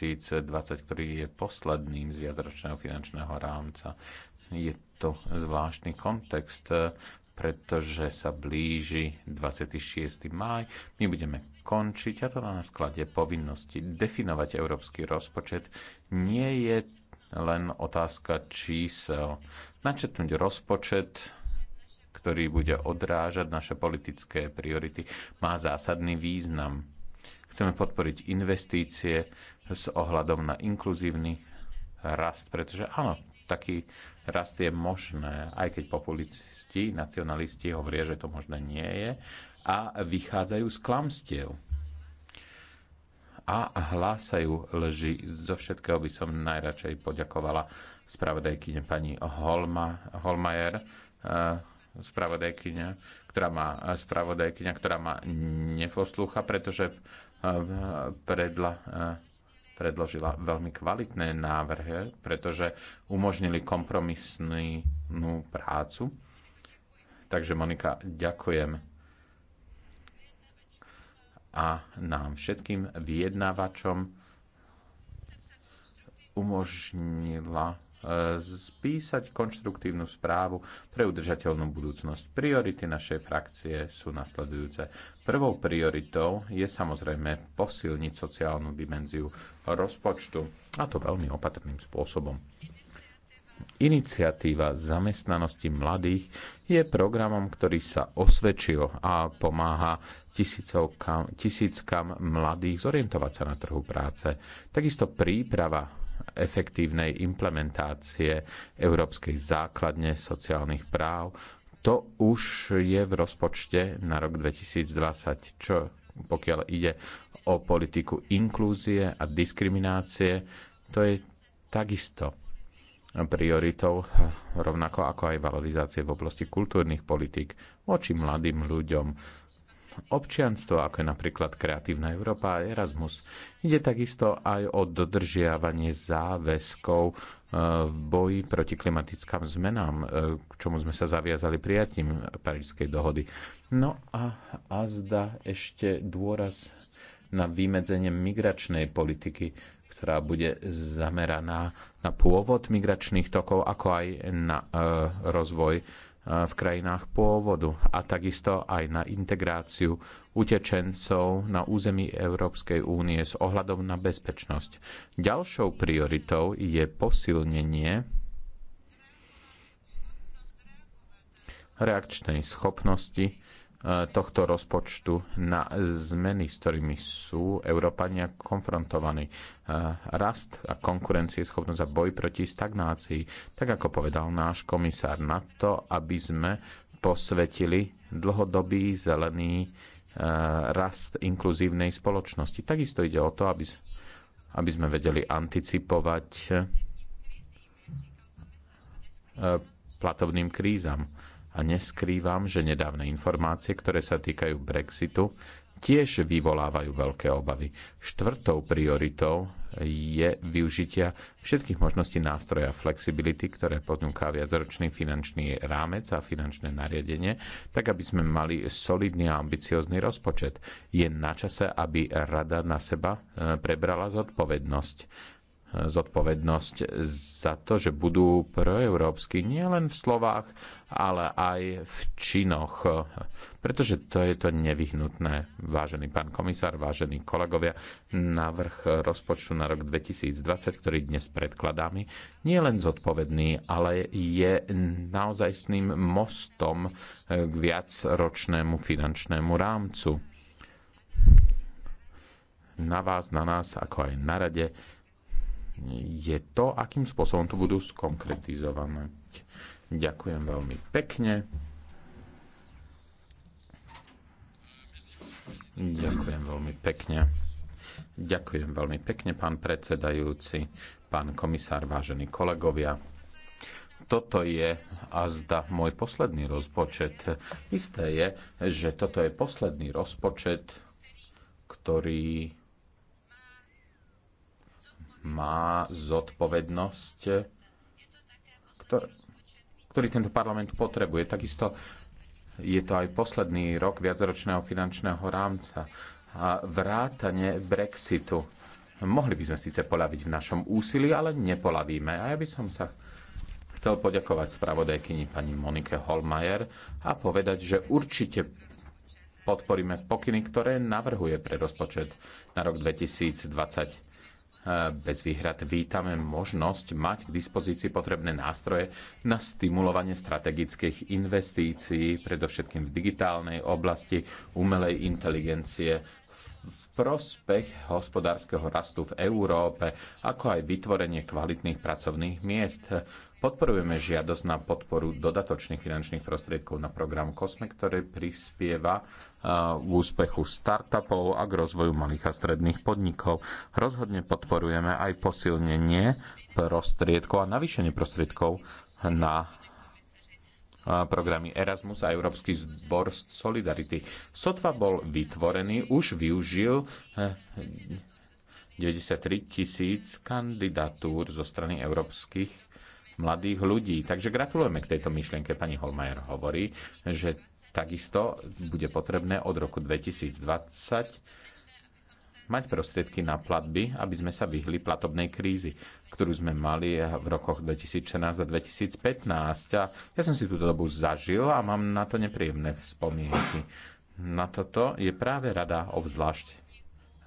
2020, ktorý je posledným z viacročného finančného rámca. Je to zvláštny kontext, pretože sa blíži 26. maj. My budeme končiť a to na sklade povinnosti. Definovať európsky rozpočet nie je len otázka čísel. Načetnúť rozpočet ktorý bude odrážať naše politické priority, má zásadný význam. Chceme podporiť investície s ohľadom na inkluzívny rast, pretože áno, taký rast je možné, aj keď populisti, nacionalisti hovoria, že to možné nie je a vychádzajú z klamstiev a hlásajú lži. Zo všetkého by som najradšej poďakovala spravodajkyne pani Holma, Holmajer, eh, spravodajkyňa, ktorá má spravodajkyňa, ktorá ma neposlúcha, pretože eh, predla, eh, predložila veľmi kvalitné návrhy, pretože umožnili kompromisnú prácu. Takže Monika, ďakujem. A nám všetkým vyjednávačom umožnila E, spísať konštruktívnu správu pre udržateľnú budúcnosť. Priority našej frakcie sú nasledujúce. Prvou prioritou je samozrejme posilniť sociálnu dimenziu rozpočtu, a to veľmi opatrným spôsobom. Iniciatíva zamestnanosti mladých je programom, ktorý sa osvedčil a pomáha tisíckam mladých zorientovať sa na trhu práce. Takisto príprava efektívnej implementácie Európskej základne sociálnych práv. To už je v rozpočte na rok 2020, čo pokiaľ ide o politiku inklúzie a diskriminácie, to je takisto prioritou, rovnako ako aj valorizácie v oblasti kultúrnych politik voči mladým ľuďom, občianstvo, ako je napríklad Kreatívna Európa a Erasmus. Ide takisto aj o dodržiavanie záväzkov e, v boji proti klimatickým zmenám, e, k čomu sme sa zaviazali prijatím Parížskej dohody. No a, azda zda ešte dôraz na vymedzenie migračnej politiky, ktorá bude zameraná na pôvod migračných tokov, ako aj na e, rozvoj v krajinách pôvodu a takisto aj na integráciu utečencov na území Európskej únie s ohľadom na bezpečnosť. Ďalšou prioritou je posilnenie reakčnej schopnosti E, tohto rozpočtu na zmeny, s ktorými sú Európania konfrontovaní. E, rast a konkurencieschopnosť a boj proti stagnácii, tak ako povedal náš komisár, na to, aby sme posvetili dlhodobý zelený e, rast inkluzívnej spoločnosti. Takisto ide o to, aby, aby sme vedeli anticipovať platobným krízam a neskrývam, že nedávne informácie, ktoré sa týkajú Brexitu, tiež vyvolávajú veľké obavy. Štvrtou prioritou je využitia všetkých možností nástroja flexibility, ktoré ponúka viacročný finančný rámec a finančné nariadenie, tak aby sme mali solidný a ambiciózny rozpočet. Je na čase, aby rada na seba e, prebrala zodpovednosť zodpovednosť za to, že budú proeurópsky nielen v slovách, ale aj v činoch. Pretože to je to nevyhnutné, vážený pán komisár, vážení kolegovia, návrh rozpočtu na rok 2020, ktorý dnes predkladáme, nie je len zodpovedný, ale je naozajstným mostom k viacročnému finančnému rámcu. Na vás, na nás, ako aj na rade, je to, akým spôsobom to budú skonkretizované. Ďakujem veľmi pekne. Ďakujem veľmi pekne. Ďakujem veľmi pekne, pán predsedajúci, pán komisár, vážení kolegovia. Toto je a zda môj posledný rozpočet. Isté je, že toto je posledný rozpočet, ktorý má zodpovednosť, ktorý tento parlament potrebuje. Takisto je to aj posledný rok viacročného finančného rámca a vrátanie Brexitu. Mohli by sme síce polaviť v našom úsilí, ale nepolavíme. A ja by som sa chcel poďakovať spravodajkyni pani Monike Holmajer a povedať, že určite podporíme pokyny, ktoré navrhuje pre rozpočet na rok 2020 E, bez výhrad vítame možnosť mať k dispozícii potrebné nástroje na stimulovanie strategických investícií, predovšetkým v digitálnej oblasti umelej inteligencie, v prospech hospodárskeho rastu v Európe, ako aj vytvorenie kvalitných pracovných miest. Podporujeme žiadosť na podporu dodatočných finančných prostriedkov na program COSME, ktorý prispieva eh, k úspechu startupov a k rozvoju malých a stredných podnikov. Rozhodne podporujeme aj posilnenie prostriedkov a navýšenie prostriedkov na eh, programy Erasmus a Európsky zbor Solidarity. Sotva bol vytvorený, už využil eh, 93 tisíc kandidatúr zo strany európskych mladých ľudí. Takže gratulujeme k tejto myšlienke. Pani Holmajer hovorí, že takisto bude potrebné od roku 2020 mať prostriedky na platby, aby sme sa vyhli platobnej krízi, ktorú sme mali v rokoch 2014 a 2015. A ja som si túto dobu zažil a mám na to nepríjemné spomienky. Na toto je práve rada obzvlášť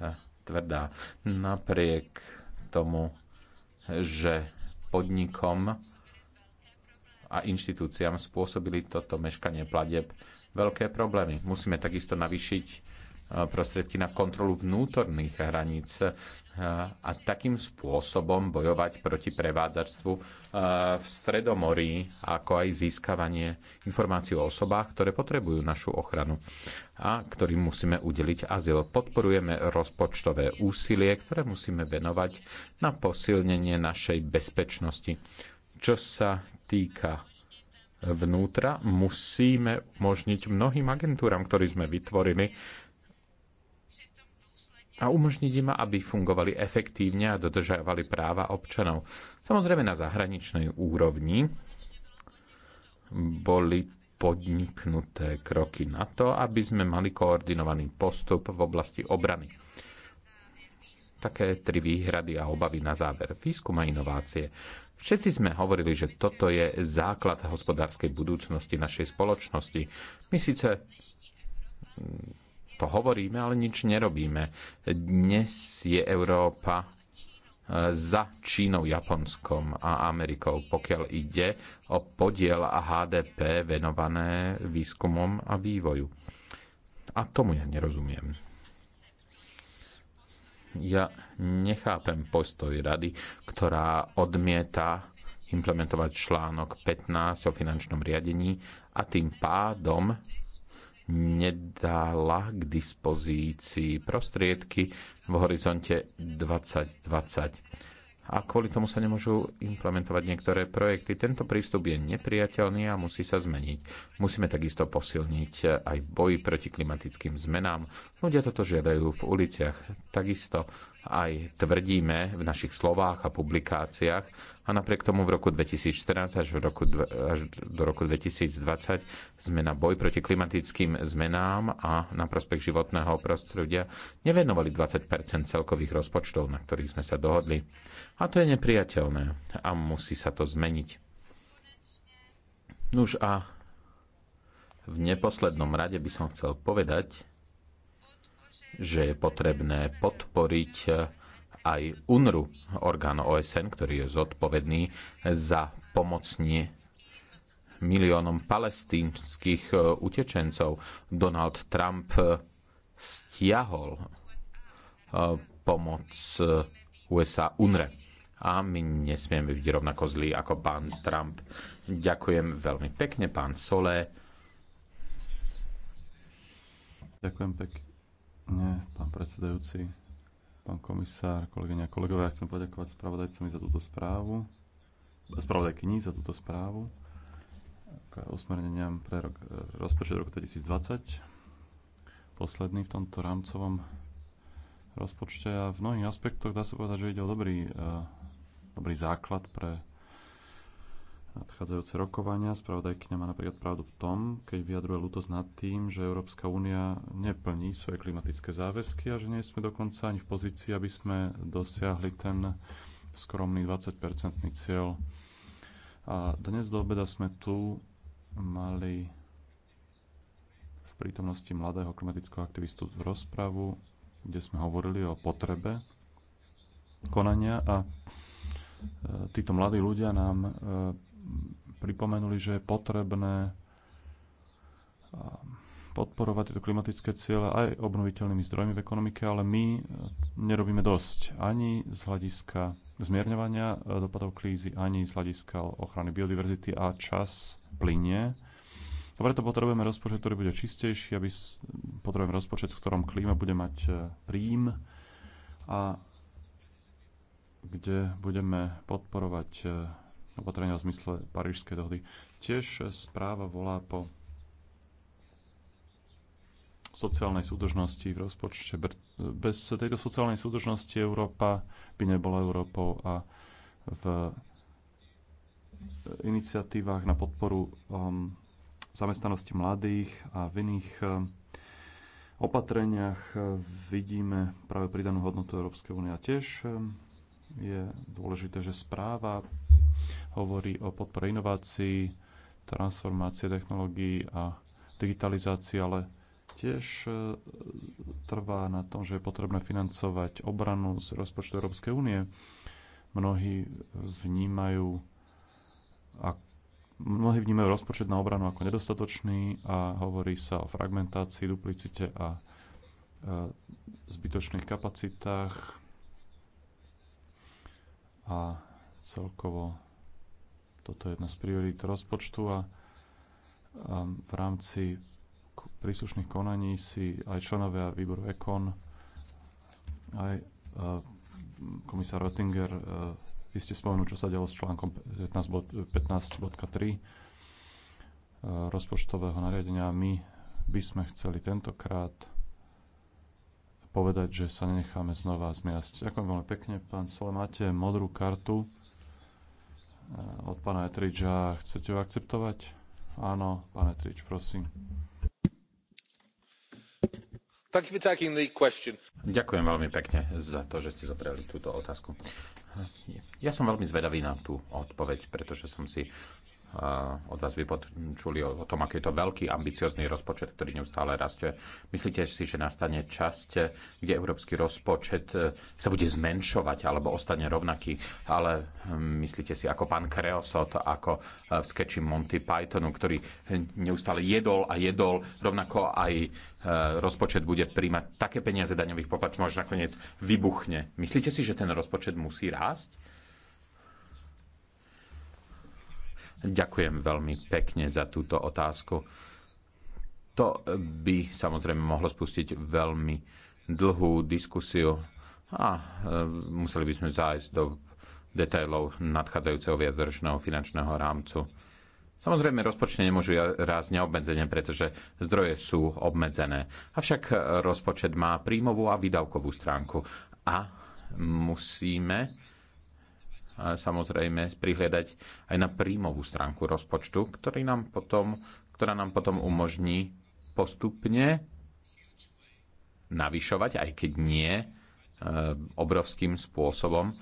eh, tvrdá. Napriek tomu, že podnikom a inštitúciám spôsobili toto meškanie pladeb veľké problémy. Musíme takisto navýšiť eh, prostriedky na kontrolu vnútorných hraníc a takým spôsobom bojovať proti prevádzačstvu v Stredomorí, ako aj získavanie informácií o osobách, ktoré potrebujú našu ochranu a ktorým musíme udeliť azyl. Podporujeme rozpočtové úsilie, ktoré musíme venovať na posilnenie našej bezpečnosti. Čo sa týka vnútra, musíme umožniť mnohým agentúram, ktorí sme vytvorili, a umožniť im, aby fungovali efektívne a dodržiavali práva občanov. Samozrejme na zahraničnej úrovni boli podniknuté kroky na to, aby sme mali koordinovaný postup v oblasti obrany. Také tri výhrady a obavy na záver. Výskum a inovácie. Všetci sme hovorili, že toto je základ hospodárskej budúcnosti našej spoločnosti. My síce to hovoríme, ale nič nerobíme. Dnes je Európa e, za Čínou, Japonskom a Amerikou, pokiaľ ide o podiel a HDP venované výskumom a vývoju. A tomu ja nerozumiem. Ja nechápem postoj rady, ktorá odmieta implementovať článok 15 o finančnom riadení a tým pádom nedala k dispozícii prostriedky v horizonte 2020 a kvôli tomu sa nemôžu implementovať niektoré projekty. Tento prístup je nepriateľný a musí sa zmeniť. Musíme takisto posilniť aj boj proti klimatickým zmenám. Ľudia toto žiadajú v uliciach. Takisto aj tvrdíme v našich slovách a publikáciách a napriek tomu v roku 2014 až, v roku, až do roku 2020 sme na boj proti klimatickým zmenám a na prospech životného prostredia nevenovali 20 celkových rozpočtov, na ktorých sme sa dohodli. A to je nepriateľné a musí sa to zmeniť. Nuž a v neposlednom rade by som chcel povedať, že je potrebné podporiť aj UNRU, orgán OSN, ktorý je zodpovedný za pomocne miliónom palestínskych e, utečencov. Donald Trump e, stiahol e, pomoc USA UNRE. A my nesmieme byť rovnako zlí ako pán Trump. Ďakujem veľmi pekne, pán Sole. Ďakujem pekne pekne, pán predsedajúci, pán komisár, kolegyňa a kolegovia. Ja chcem poďakovať spravodajcom za túto správu, spravodajkyni za túto správu k usmerneniam pre rok, e, rozpočet roku 2020. Posledný v tomto rámcovom rozpočte a v mnohých aspektoch dá sa povedať, že ide o dobrý, e, dobrý základ pre nadchádzajúce rokovania. Spravodajkyňa má napríklad pravdu v tom, keď vyjadruje ľútosť nad tým, že Európska únia neplní svoje klimatické záväzky a že nie sme dokonca ani v pozícii, aby sme dosiahli ten skromný 20-percentný cieľ. A dnes do obeda sme tu mali v prítomnosti mladého klimatického aktivistu v rozpravu, kde sme hovorili o potrebe konania a e, títo mladí ľudia nám e, pripomenuli, že je potrebné um, podporovať tieto klimatické ciele aj obnoviteľnými zdrojmi v ekonomike, ale my uh, nerobíme dosť ani z hľadiska zmierňovania uh, dopadov krízy, ani z hľadiska ochrany biodiverzity a čas plynie. A preto potrebujeme rozpočet, ktorý bude čistejší, aby potrebujeme rozpočet, v ktorom klíma bude mať uh, príjm a kde budeme podporovať opatrenia v zmysle Parížskej dohody. Tiež správa volá po sociálnej súdržnosti v rozpočte. Bez tejto sociálnej súdržnosti Európa by nebola Európou a v iniciatívach na podporu um, zamestnanosti mladých a v iných um, opatreniach uh, vidíme práve pridanú hodnotu Európskej únie. A tiež um, je dôležité, že správa hovorí o podpore inovácií, transformácie technológií a digitalizácii, ale tiež e, trvá na tom, že je potrebné financovať obranu z rozpočtu Európskej únie. Mnohí vnímajú, a, mnohí vnímajú rozpočet na obranu ako nedostatočný a hovorí sa o fragmentácii, duplicite a e, zbytočných kapacitách a celkovo toto je jedna z priorít rozpočtu a v rámci príslušných konaní si aj členovia výboru EKON, aj komisár Oettinger, vy ste spomenuli, čo sa dialo s článkom 15.3 rozpočtového nariadenia. My by sme chceli tentokrát povedať, že sa nenecháme znova zmiasť. Ďakujem veľmi pekne, pán Sole, máte modrú kartu. Eh, od pána Etriča. Chcete ho akceptovať? Áno, pán Etrič, prosím. Ďakujem veľmi pekne za to, že ste zobrali túto otázku. Ja som veľmi zvedavý na tú odpoveď, pretože som si Eh, od vás vypočuli o tom, aký je to veľký ambiciozný rozpočet, ktorý neustále rastie. Myslíte si, že nastane časť, eh, kde európsky rozpočet eh, sa bude zmenšovať alebo ostane rovnaký, ale hm, myslíte si ako pán Kreosot, ako v skeči Monty Pythonu, ktorý neustále jedol a jedol, rovnako aj rozpočet bude príjmať také peniaze daňových poplatníkov, až nakoniec vybuchne. Myslíte si, že ten rozpočet musí rásť? Ďakujem veľmi pekne za túto otázku. To by samozrejme mohlo spustiť veľmi dlhú diskusiu a e, museli by sme zájsť do detailov nadchádzajúceho viadržného finančného rámcu. Samozrejme, rozpočty nemôžu rásť neobmedzenie, pretože zdroje sú obmedzené. Avšak rozpočet má príjmovú a výdavkovú stránku. A musíme samozrejme prihľadať aj na príjmovú stránku rozpočtu, ktorý nám potom, ktorá nám potom umožní postupne navyšovať, aj keď nie e, obrovským spôsobom, e,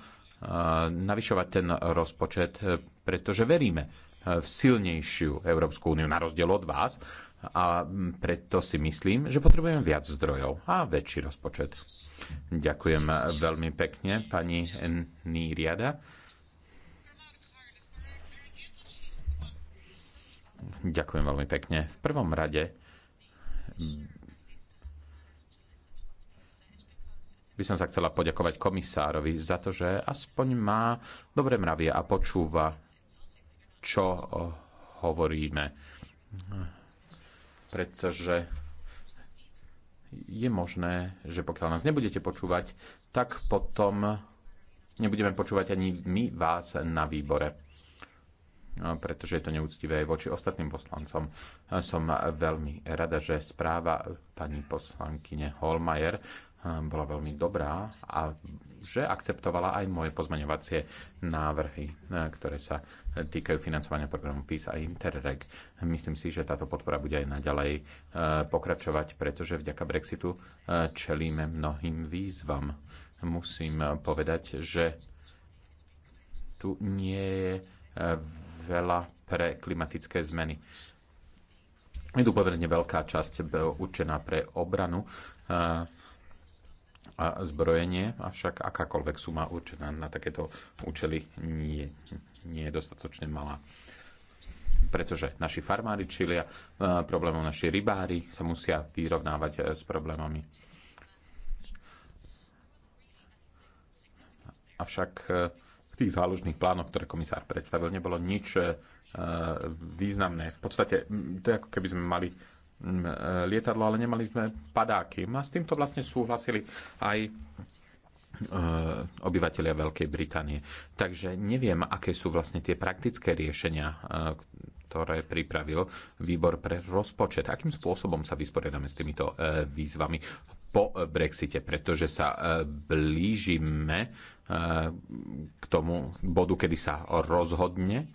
navyšovať ten rozpočet, e, pretože veríme v silnejšiu Európsku úniu, na rozdiel od vás, a preto si myslím, že potrebujem viac zdrojov a väčší rozpočet. Ďakujem veľmi pekne, pani Nýriada. Ďakujem veľmi pekne. V prvom rade by som sa chcela poďakovať komisárovi za to, že aspoň má dobré mravie a počúva, čo hovoríme. Pretože je možné, že pokiaľ nás nebudete počúvať, tak potom nebudeme počúvať ani my vás na výbore pretože je to neúctivé aj voči ostatným poslancom. Som veľmi rada, že správa pani poslankyne Holmajer bola veľmi dobrá a že akceptovala aj moje pozmeňovacie návrhy, ktoré sa týkajú financovania programu PIS a Interreg. Myslím si, že táto podpora bude aj naďalej pokračovať, pretože vďaka Brexitu čelíme mnohým výzvam. Musím povedať, že tu nie je veľa pre klimatické zmeny. Je tu pomerne veľká časť určená pre obranu eh, a zbrojenie, avšak akákoľvek suma určená na takéto účely nie, nie je dostatočne malá pretože naši farmári čilia eh, problémom, naši rybári sa musia vyrovnávať eh, s problémami. Avšak tých záložných plánoch, ktoré komisár predstavil, nebolo nič e, významné. V podstate to je ako keby sme mali e, lietadlo, ale nemali sme padáky. No a s týmto vlastne súhlasili aj e, obyvateľia Veľkej Británie. Takže neviem, aké sú vlastne tie praktické riešenia, ktoré pripravil výbor pre rozpočet. Akým spôsobom sa vysporiadame s týmito výzvami po eh, Brexite, pretože sa eh, blížime eh, k tomu bodu, kedy sa rozhodne,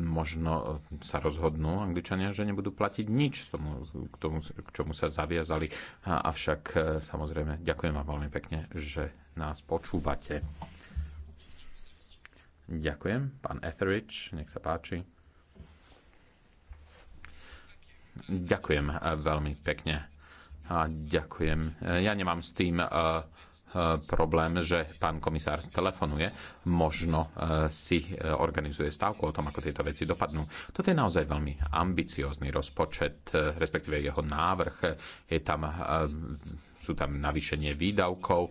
možno sa rozhodnú Angličania, že nebudú platiť nič tomu, k tomu, k čomu sa zaviazali. Avšak samozrejme, ďakujem vám veľmi pekne, že nás počúvate. Ďakujem. Pán Etheridge, nech sa páči. Ďakujem veľmi pekne. A ďakujem. E, ja nemám s tým e, e, problém, že pán komisár telefonuje, možno si organizuje stávku o tom, ako tieto veci dopadnú. Toto je naozaj veľmi ambiciózny rozpočet, respektíve jeho návrh. Je tam, sú tam navýšenie výdavkov.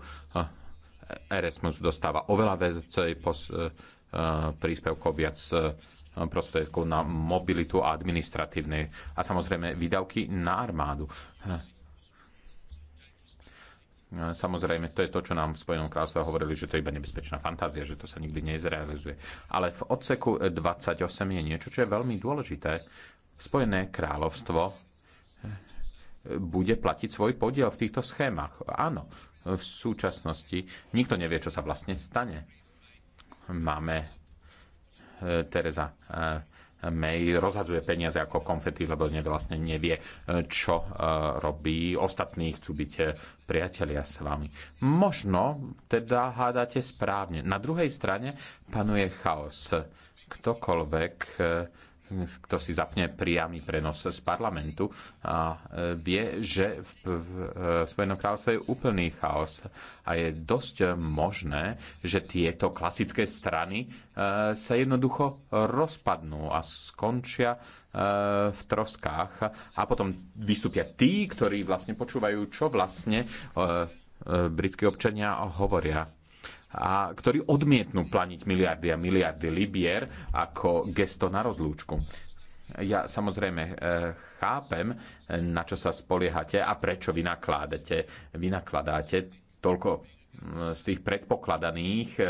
Erasmus dostáva oveľa viacej príspevkov, viac prostriedkov na mobilitu a administratívne a samozrejme výdavky na armádu E, samozrejme, to je to, čo nám v Spojenom kráľstve hovorili, že to je iba nebezpečná fantázia, že to sa nikdy nezrealizuje. Ale v odseku 28 je niečo, čo je veľmi dôležité. Spojené kráľovstvo e, bude platiť svoj podiel v týchto schémach. Áno, v súčasnosti nikto nevie, čo sa vlastne stane. Máme e, Teresa May rozhadzuje peniaze ako konfety, lebo ne vlastne nevie, e, čo e, robí. Ostatní chcú byť e, priatelia s vami. Možno teda hádate správne. Na druhej strane panuje chaos. Ktokoľvek kto si zapne priamy prenos z parlamentu, a e, vie, že v, v, e, v Spojenom kráľovstve je úplný chaos a je dosť možné, že tieto klasické strany e, sa jednoducho rozpadnú a skončia v troskách a potom vystúpia tí, ktorí vlastne počúvajú, čo vlastne britskí občania hovoria a ktorí odmietnú planiť miliardy a miliardy libier ako gesto na rozlúčku. Ja samozrejme e, chápem, e, na čo sa spoliehate a prečo Vy vynakladáte toľko z tých predpokladaných e,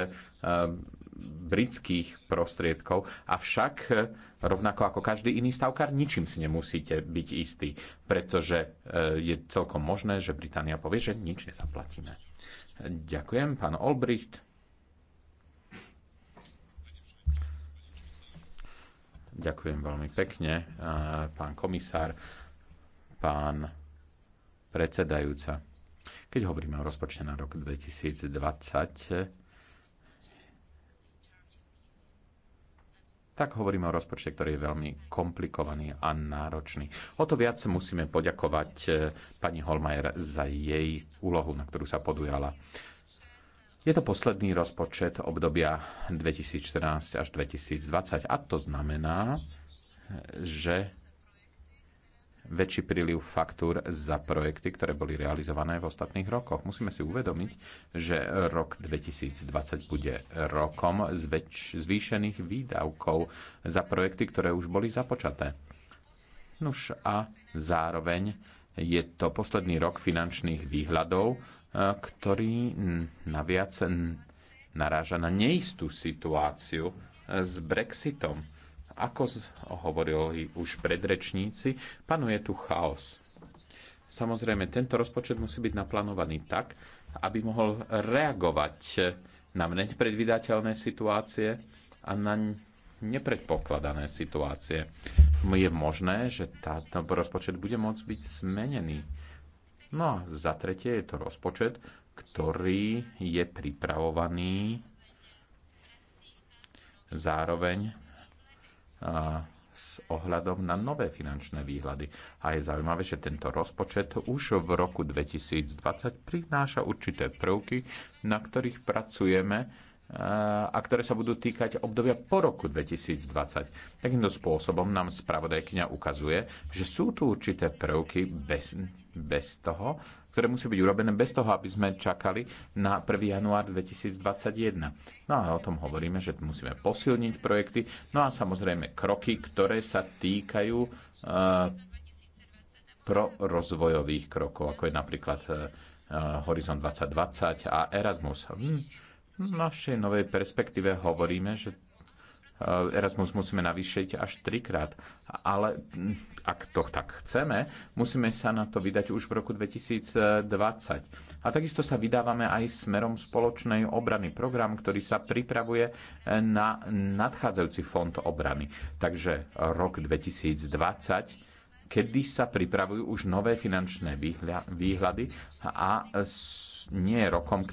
britských prostriedkov, avšak rovnako ako každý iný stavkár, ničím si nemusíte byť istý, pretože je celkom možné, že Británia povie, že nič nezaplatíme. Ďakujem, pán Olbricht. Ďakujem veľmi pekne, eh, pán komisár, pán predsedajúca. Keď hovoríme o rozpočte na rok 2020, tak hovoríme o rozpočte, ktorý je veľmi komplikovaný a náročný. O to viac musíme poďakovať e, pani Holmajer za jej úlohu, na ktorú sa podujala. Je to posledný rozpočet obdobia 2014 až 2020 a to znamená, e, že väčší príliv faktúr za projekty, ktoré boli realizované v ostatných rokoch. Musíme si uvedomiť, že rok 2020 bude rokom zväč- zvýšených výdavkov za projekty, ktoré už boli započaté. Nuž a zároveň je to posledný rok finančných výhľadov, e, ktorý naviac naráža na neistú situáciu e, s Brexitom ako hovorili už predrečníci, panuje tu chaos. Samozrejme, tento rozpočet musí byť naplánovaný tak, aby mohol reagovať na nepredvydateľné situácie a na nepredpokladané situácie. Je možné, že táto rozpočet bude môcť byť zmenený. No a za tretie je to rozpočet, ktorý je pripravovaný zároveň s ohľadom na nové finančné výhľady. A je zaujímavé, že tento rozpočet už v roku 2020 prináša určité prvky, na ktorých pracujeme a ktoré sa budú týkať obdobia po roku 2020. Takýmto spôsobom nám spravodajkňa ukazuje, že sú tu určité prvky bez, bez toho, ktoré musí byť urobené bez toho, aby sme čakali na 1. január 2021. No a o tom hovoríme, že musíme posilniť projekty, no a samozrejme kroky, ktoré sa týkajú pro e, prorozvojových krokov, ako je napríklad uh, Horizon 2020 a Erasmus. Hm v našej novej perspektíve hovoríme, že eh, Erasmus musíme navýšiť až trikrát. Ale hm, ak to tak chceme, musíme sa na to vydať už v roku 2020. A takisto sa vydávame aj smerom spoločnej obrany. Program, ktorý sa pripravuje eh, na nadchádzajúci fond obrany. Takže rok 2020 kedy sa pripravujú už nové finančné výhľady a nie rokom,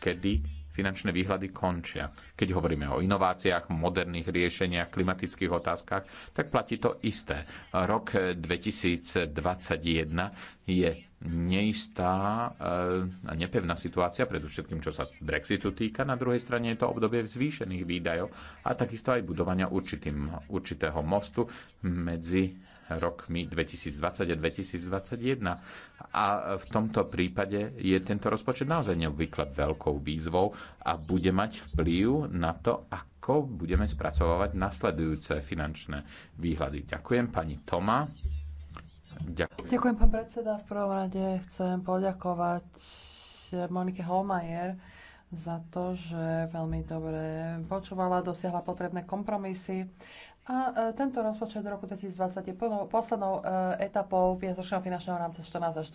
kedy finančné výhľady končia. Keď hovoríme o inováciách, moderných riešeniach, klimatických otázkach, tak platí to isté. Rok 2021 je neistá eh, a nepevná situácia, predovšetkým čo sa Brexitu týka. Na druhej strane je to obdobie zvýšených výdajov a takisto aj budovania určitým, určitého mostu medzi rokmi 2020 a 2021. A v tomto prípade je tento rozpočet naozaj neobvykle veľkou výzvou a bude mať vplyv na to, ako budeme spracovávať nasledujúce finančné výhľady. Ďakujem pani Toma. Ďakujem. Ďakujem, pán predseda. V prvom rade chcem poďakovať Monike Holmajer za to, že veľmi dobre počúvala, dosiahla potrebné kompromisy a e, tento rozpočet roku 2020 je poslednou e, etapou viacročného finančného rámca 14 až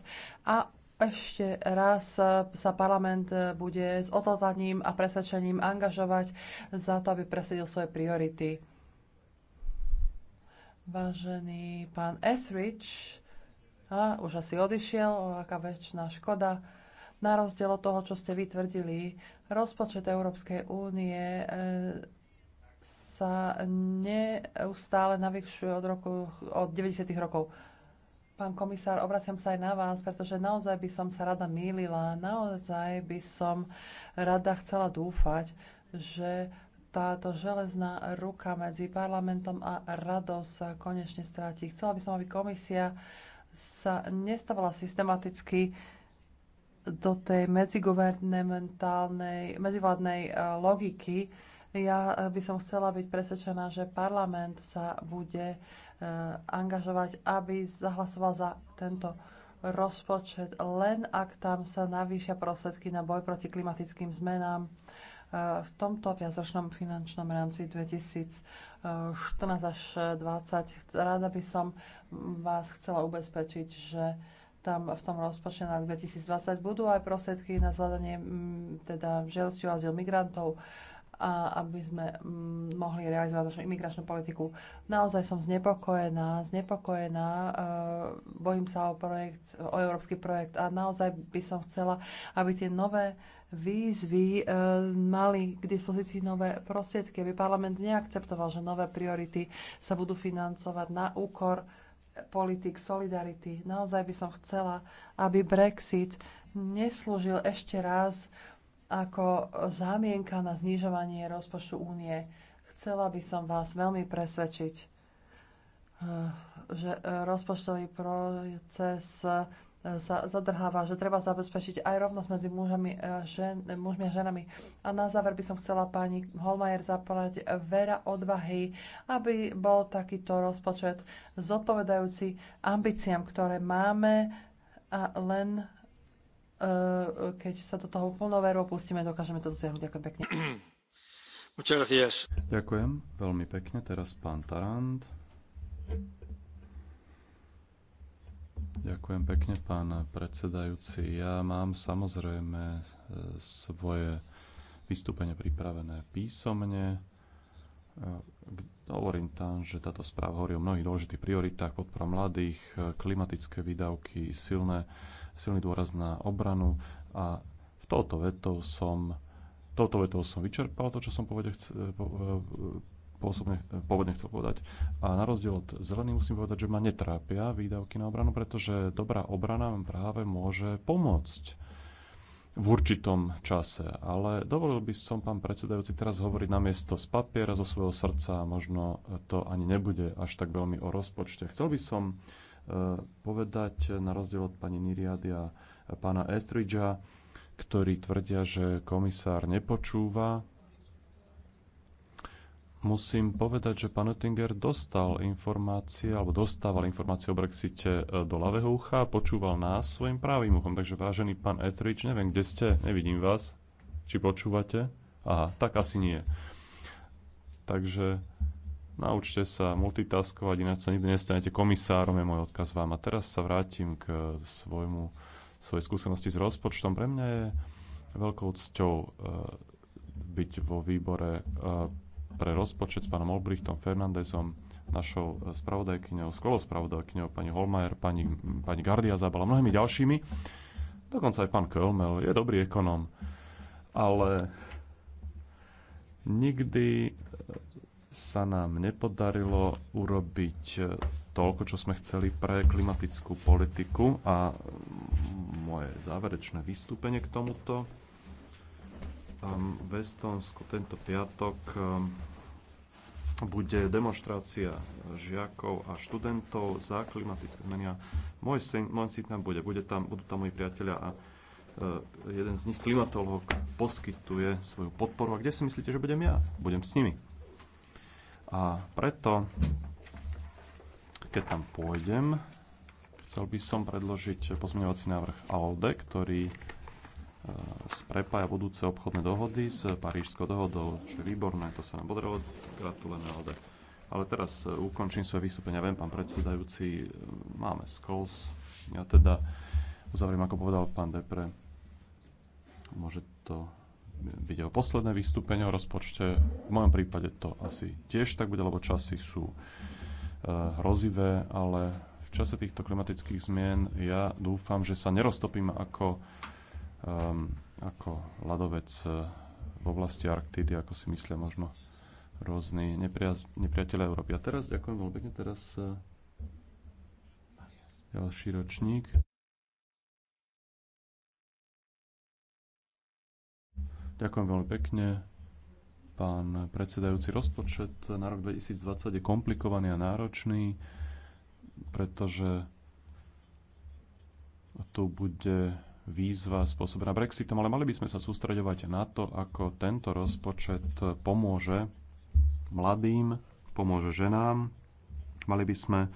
20 a ešte raz e, sa parlament bude s odhodlaním a presvedčením angažovať za to, aby presedil svoje priority. Vážený pán Etheridge, a už asi odišiel, aká väčšiná škoda. Na rozdiel od toho, čo ste vytvrdili, rozpočet Európskej únie e sa neustále navyšuje od, roku, od 90. rokov. Pán komisár, obraciam sa aj na vás, pretože naozaj by som sa rada mýlila, naozaj by som rada chcela dúfať, že táto železná ruka medzi parlamentom a radou sa konečne stráti. Chcela by som, aby komisia sa nestávala systematicky do tej medzigovernementálnej, medzivládnej eh, logiky, ja eh, by som chcela byť presvedčená, že parlament sa bude eh, angažovať, aby zahlasoval za tento rozpočet, len ak tam sa navýšia prostriedky na boj proti klimatickým zmenám eh, v tomto viacročnom finančnom rámci 2014 až 2020. Rada by som vás chcela ubezpečiť, že tam v tom rozpočte na 2020 budú aj prostriedky na zvládanie mm, teda žiadosti o azyl migrantov, a aby sme mm, mohli realizovať našu imigračnú politiku. Naozaj som znepokojená, znepokojená, e, bojím sa o, projekt, o európsky projekt a naozaj by som chcela, aby tie nové výzvy e, mali k dispozícii nové prostriedky, aby parlament neakceptoval, že nové priority sa budú financovať na úkor politik solidarity. Naozaj by som chcela, aby Brexit neslúžil ešte raz ako zámienka na znižovanie rozpočtu únie. Chcela by som vás veľmi presvedčiť, eh, že eh, rozpočtový proces eh, sa zadrháva, že treba zabezpečiť aj rovnosť medzi mužami, žen, mužmi a ženami. A na záver by som chcela pani Holmajer zapalať vera odvahy, aby bol takýto rozpočet zodpovedajúci ambíciám, ktoré máme a len Eh, keď sa do toho plnou verou pustíme, dokážeme to dosiahnuť. Ďakujem pekne. Ďakujem veľmi pekne. Teraz pán Tarant. Ďakujem pekne, pán predsedajúci. Ja mám samozrejme eh, svoje vystúpenie pripravené písomne. Eh, hovorím tam, že táto správa hovorí o mnohých dôležitých prioritách, podpora mladých, klimatické výdavky, silné silný dôraz na obranu a v touto vetou som, touto vetou som vyčerpal to, čo som povede, eh, po, eh, pôsobne, eh, pôvodne chcel povedať. A na rozdiel od zelených musím povedať, že ma netrápia výdavky na obranu, pretože dobrá obrana práve môže pomôcť v určitom čase. Ale dovolil by som, pán predsedajúci, teraz hovoriť na miesto z papiera, zo svojho srdca, možno to ani nebude až tak veľmi o rozpočte. Chcel by som Eh, povedať, eh, na rozdiel od pani Niriady a pána Estridža, ktorí tvrdia, že komisár nepočúva. Musím povedať, že pán Oettinger dostal informácie, alebo dostával informácie o Brexite eh, do ľavého ucha a počúval nás svojim právým uchom. Takže vážený pán Etrič, neviem, kde ste, nevidím vás. Či počúvate? Aha, tak asi nie. Takže Naučte sa multitaskovať, ináč sa nikdy nestanete komisárom, je môj odkaz vám. A teraz sa vrátim k svojmu, svojej skúsenosti s rozpočtom. Pre mňa je veľkou cťou e, byť vo výbore e, pre rozpočet s pánom Olbrichtom Fernandezom, našou spravodajkyňou, skolospravodajkyňou, pani Holmajer, pani, pani Gardia Zabala, mnohými ďalšími. Dokonca aj pán Kölmel je dobrý ekonóm, ale nikdy sa nám nepodarilo urobiť e, toľko, čo sme chceli pre klimatickú politiku a moje záverečné vystúpenie k tomuto. V Estonsku tento piatok bude demonstrácia žiakov a študentov za klimatické zmeny a môj syn, môj syn tam bude, bude tam, budú tam moji priatelia a e, jeden z nich, klimatológ, poskytuje svoju podporu. A kde si myslíte, že budem ja? Budem s nimi. A preto, keď tam pôjdem, chcel by som predložiť pozmeňovací návrh ALDE, ktorý e, sprepája budúce obchodné dohody s Parížskou dohodou, čo je výborné, to sa nám podarilo, gratulujeme Alde. Ale teraz e, ukončím svoje vystúpenie, viem, pán predsedajúci, e, máme skols. ja teda uzavriem, ako povedal pán Depre, môže to ide posledné vystúpenie o rozpočte. V mojom prípade to asi tiež tak bude, lebo časy sú e, hrozivé, ale v čase týchto klimatických zmien ja dúfam, že sa neroztopím ako, um, ako ľadovec e, v oblasti Arktidy, ako si myslia možno rôzni nepriaz- nepriatelia Európy. A teraz, ďakujem veľmi pekne, teraz e, ďalší ročník. Ďakujem veľmi pekne. Pán predsedajúci, rozpočet na rok 2020 je komplikovaný a náročný, pretože tu bude výzva spôsobená Brexitom, ale mali by sme sa sústredovať na to, ako tento rozpočet pomôže mladým, pomôže ženám. Mali by sme e,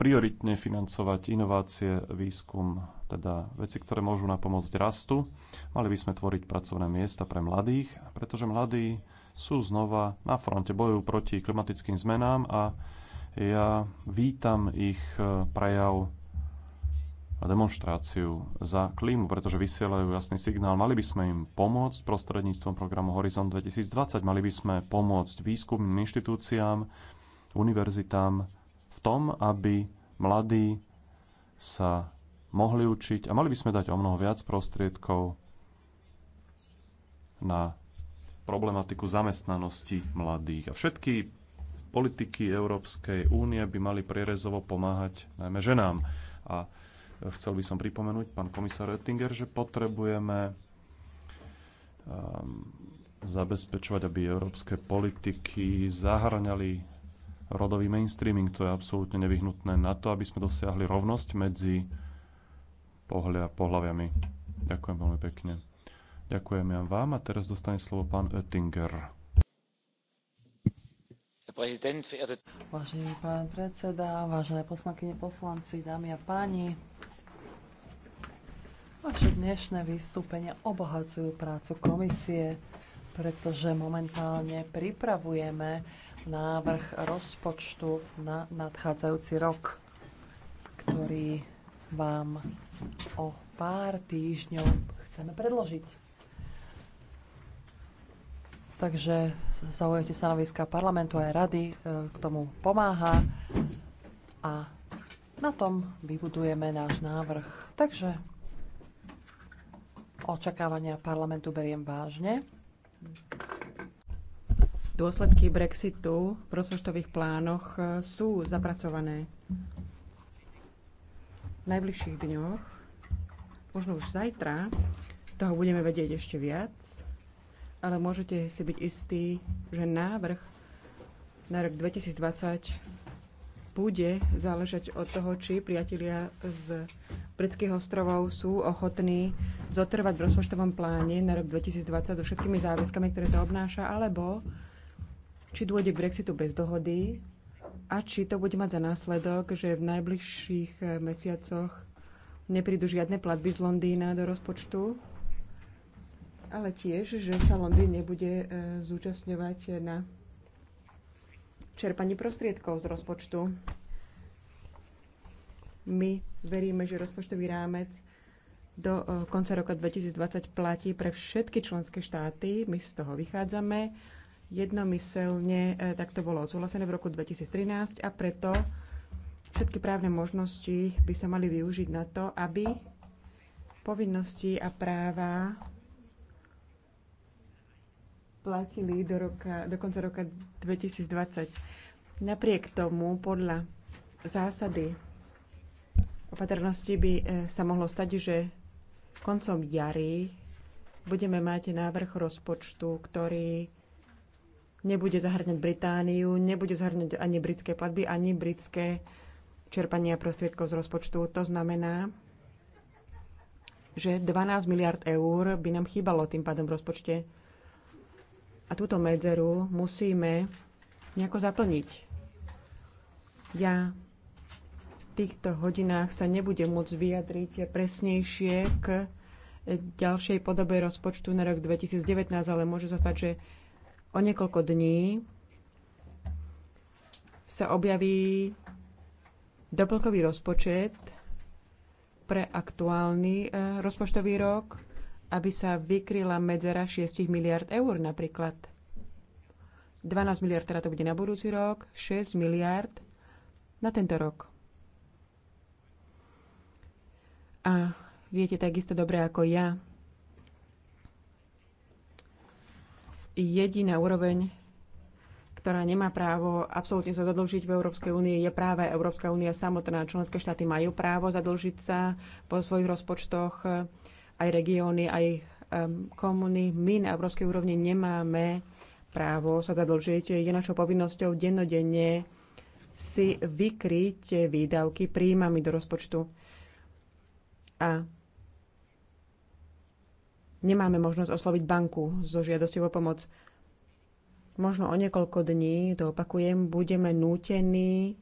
prioritne financovať inovácie, výskum, teda veci, ktoré môžu na napomôcť rastu. Mali by sme tvoriť pracovné miesta pre mladých, pretože mladí sú znova na fronte, boju proti klimatickým zmenám a ja vítam ich e, prejav a demonstráciu za klímu, pretože vysielajú jasný signál. Mali by sme im pomôcť prostredníctvom programu Horizon 2020, mali by sme pomôcť výskumným inštitúciám, univerzitám, v tom, aby mladí sa mohli učiť a mali by sme dať o mnoho viac prostriedkov na problematiku zamestnanosti mladých. A všetky politiky Európskej únie by mali prierezovo pomáhať najmä ženám. A chcel by som pripomenúť, pán komisár Oettinger, že potrebujeme um, zabezpečovať, aby európske politiky zahrňali rodový mainstreaming. To je absolútne nevyhnutné na to, aby sme dosiahli rovnosť medzi pohľa, pohľaviami. Ďakujem veľmi pekne. Ďakujem ja vám a teraz dostane slovo pán Oettinger. Vážený pán predseda, vážené poslankyne, poslanci, dámy a páni, vaše dnešné vystúpenie obohacujú prácu komisie pretože momentálne pripravujeme návrh rozpočtu na nadchádzajúci rok, ktorý vám o pár týždňov chceme predložiť. Takže zaujete stanoviska parlamentu aj rady, e, k tomu pomáha a na tom vybudujeme náš návrh. Takže očakávania parlamentu beriem vážne. Dôsledky Brexitu v rozpočtových plánoch e, sú zapracované. V najbližších dňoch, možno už zajtra, toho budeme vedieť ešte viac, ale môžete si byť istí, že návrh na rok 2020 bude záležať od toho, či priatelia z britských ostrovov sú ochotní zotrvať v rozpočtovom pláne na rok 2020 so všetkými záväzkami, ktoré to obnáša, alebo či dôjde k Brexitu bez dohody a či to bude mať za následok, že v najbližších eh, mesiacoch neprídu žiadne platby z Londýna do rozpočtu, ale tiež, že sa Londýn nebude eh, zúčastňovať na čerpaní prostriedkov z rozpočtu. My veríme, že rozpočtový rámec do e, konca roka 2020 platí pre všetky členské štáty. My z toho vychádzame. Jednomyselne e, tak to bolo odsúhlasené v roku 2013 a preto všetky právne možnosti by sa mali využiť na to, aby povinnosti a práva platili do, roka, do konca roka 2020. Napriek tomu, podľa zásady opatrnosti by e, sa mohlo stať, že koncom jary budeme mať návrh rozpočtu, ktorý nebude zahrňať Britániu, nebude zahrňať ani britské platby, ani britské čerpania prostriedkov z rozpočtu. To znamená, že 12 miliard eur by nám chýbalo tým pádom v rozpočte. A túto medzeru musíme nejako zaplniť. Ja v týchto hodinách sa nebudem môcť vyjadriť presnejšie k ďalšej podobe rozpočtu na rok 2019, ale môže sa stať, že o niekoľko dní sa objaví doplkový rozpočet pre aktuálny e, rozpočtový rok, aby sa vykryla medzera 6 miliard eur napríklad. 12 miliard teda to bude na budúci rok, 6 miliard na tento rok. A viete takisto dobre ako ja, jediná úroveň, ktorá nemá právo absolútne sa zadlžiť v Európskej únie, je práve Európska únia samotná. Členské štáty majú právo zadlžiť sa po svojich rozpočtoch, aj regióny, aj komuny. My na európskej úrovni nemáme právo sa zadlžiť. Je našou povinnosťou dennodenne si vykryť výdavky príjmami do rozpočtu. A nemáme možnosť osloviť banku so žiadosťou o pomoc. Možno o niekoľko dní, to opakujem, budeme nútení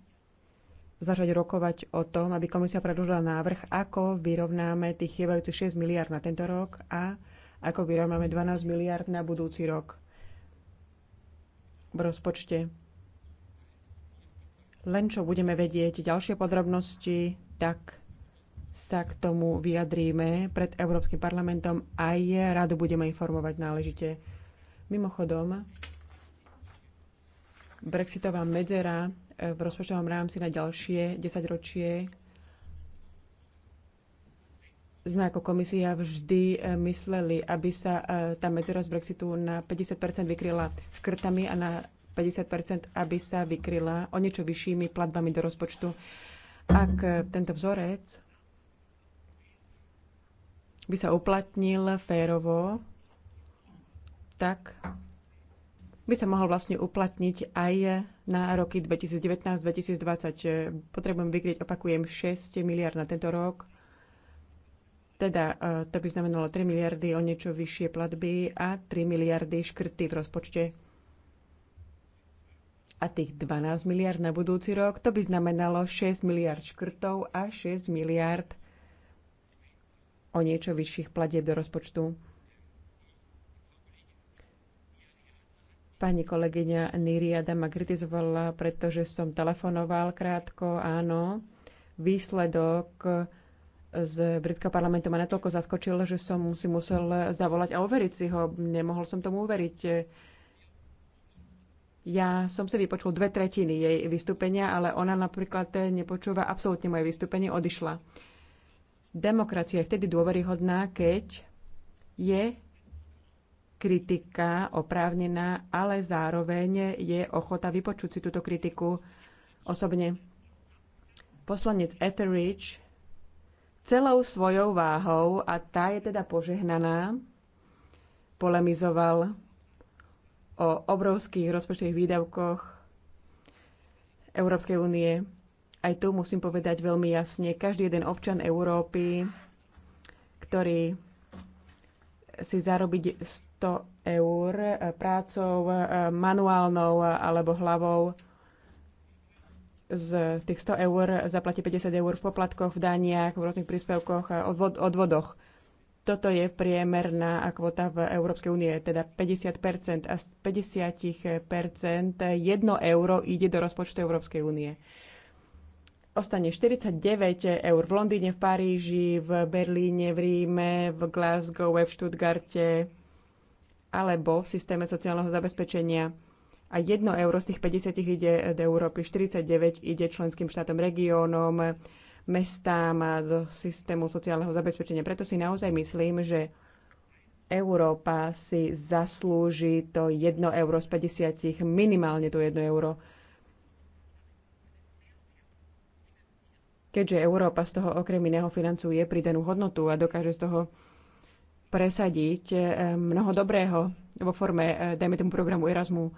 začať rokovať o tom, aby komisia predložila návrh, ako vyrovnáme tých chýbajúcich 6 miliard na tento rok a ako vyrovnáme 12 miliard na budúci rok v rozpočte len čo budeme vedieť ďalšie podrobnosti, tak sa k tomu vyjadríme pred Európskym parlamentom a je rádu budeme informovať náležite. Mimochodom, brexitová medzera v rozpočtovom rámci na ďalšie 10 ročie sme ako komisia vždy eh, mysleli, aby sa eh, tá medzera z Brexitu na 50% vykryla škrtami a na 50 aby sa vykryla o niečo vyššími platbami do rozpočtu. Ak tento vzorec by sa uplatnil férovo, tak by sa mohol vlastne uplatniť aj na roky 2019-2020. Potrebujem vykryť, opakujem, 6 miliard na tento rok. Teda e, to by znamenalo 3 miliardy o niečo vyššie platby a 3 miliardy škrty v rozpočte a tých 12 miliard na budúci rok, to by znamenalo 6 miliard škrtov a 6 miliard o niečo vyšších platieb do rozpočtu. Pani kolegyňa Niriada ma kritizovala, pretože som telefonoval krátko, áno. Výsledok z britského parlamentu ma natoľko zaskočil, že som si musel zavolať a overiť si ho. Nemohol som tomu uveriť ja som si vypočul dve tretiny jej vystúpenia, ale ona napríklad nepočúva absolútne moje vystúpenie, odišla. Demokracia je vtedy dôveryhodná, keď je kritika oprávnená, ale zároveň je ochota vypočuť si túto kritiku osobne. Poslanec Etheridge celou svojou váhou, a tá je teda požehnaná, polemizoval o obrovských rozpočtových výdavkoch Európskej únie. Aj tu musím povedať veľmi jasne, každý jeden občan Európy, ktorý si zarobiť 100 eur prácou e, manuálnou alebo hlavou, z tých 100 eur zaplatí 50 eur v poplatkoch, v daniach, v rôznych príspevkoch, a e, odvodoch. Toto je priemerná kvota v Európskej únie, teda 50 a z 50 jedno euro ide do rozpočtu Európskej únie. Ostane 49 eur v Londýne, v Paríži, v Berlíne, v Ríme, v Glasgow, v Stuttgarte alebo v systéme sociálneho zabezpečenia. A 1 euro z tých 50 ide do Európy, 49 ide členským štátom, regiónom, mestám a do systému sociálneho zabezpečenia. Preto si naozaj myslím, že Európa si zaslúži to 1 euro z 50, minimálne to 1 euro. Keďže Európa z toho okrem iného financuje pridanú hodnotu a dokáže z toho presadiť eh, mnoho dobrého vo forme, eh, dajme tomu programu Erasmu,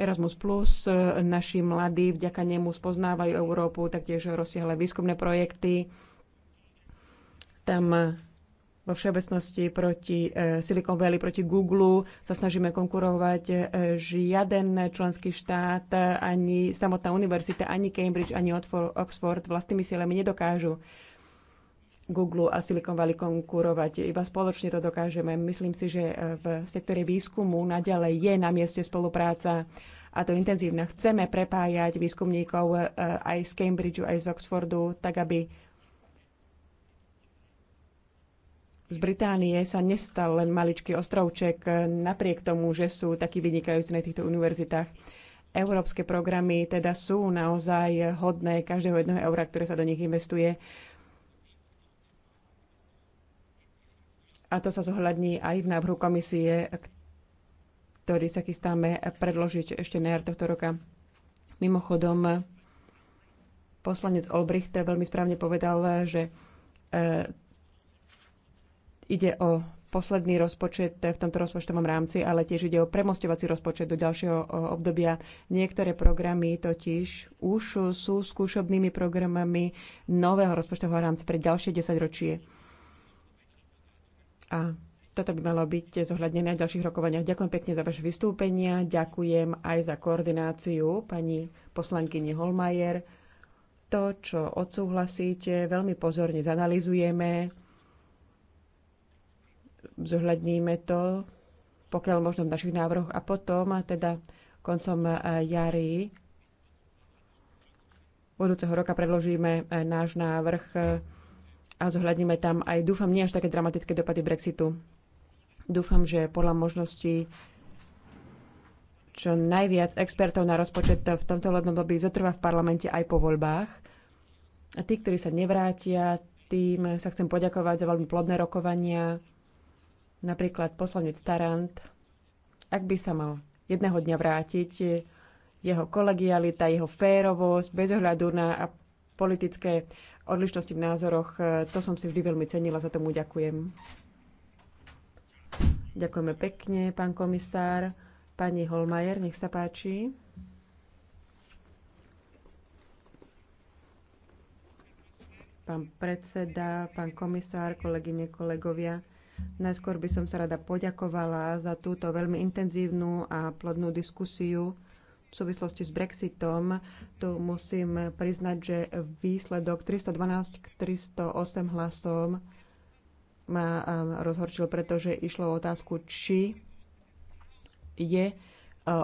Erasmus Plus, e, naši mladí vďaka nemu spoznávajú Európu, taktiež rozsiahle výskumné projekty. Tam e, vo všeobecnosti proti e, Silicon Valley, proti Google sa snažíme konkurovať. Žiaden členský štát, ani samotná univerzita, ani Cambridge, ani Oxford vlastnými silami nedokážu Google a Silicon Valley konkurovať. Iba spoločne to dokážeme. Myslím si, že eh, v sektore výskumu naďalej je na mieste spolupráca a to intenzívna. Chceme prepájať výskumníkov eh, aj z Cambridgeu, aj z Oxfordu, tak aby z Británie sa nestal len maličký ostrovček, eh, napriek tomu, že sú takí vynikajúci na týchto univerzitách. Európske programy teda sú naozaj hodné každého jedného eura, ktoré sa do nich investuje A to sa zohľadní aj v návrhu komisie, ktorý sa chystáme predložiť ešte na jar tohto roka. Mimochodom, poslanec Olbricht veľmi správne povedal, že e, ide o posledný rozpočet v tomto rozpočtovom rámci, ale tiež ide o premostovací rozpočet do ďalšieho obdobia. Niektoré programy totiž už sú skúšobnými programami nového rozpočtového rámca pre ďalšie 10 ročie. A toto by malo byť zohľadnené na ďalších rokovaniach. Ďakujem pekne za vaše vystúpenia, ďakujem aj za koordináciu pani poslankyni Holmajer. To, čo odsúhlasíte, veľmi pozorne zanalizujeme, zohľadníme to, pokiaľ možno v našich návrhoch a potom, a teda koncom e, jary budúceho roka predložíme e, náš návrh e, a zohľadníme tam aj, dúfam, nie až také dramatické dopady Brexitu. Dúfam, že podľa možností čo najviac expertov na rozpočet v tomto lednom dobi zotrvá v parlamente aj po voľbách. A tí, ktorí sa nevrátia, tým sa chcem poďakovať za veľmi plodné rokovania. Napríklad poslanec Tarant, ak by sa mal jedného dňa vrátiť, jeho kolegialita, jeho férovosť, bez ohľadu na politické odlišnosti v názoroch. E, to som si vždy veľmi cenila, za tomu ďakujem. Ďakujeme pekne, pán komisár. Pani Holmajer, nech sa páči. Pán predseda, pán komisár, kolegyne, kolegovia. Najskôr by som sa rada poďakovala za túto veľmi intenzívnu a plodnú diskusiu v súvislosti s Brexitom, tu musím priznať, že výsledok 312 k 308 hlasom ma um, rozhorčil, pretože išlo o otázku, či je uh,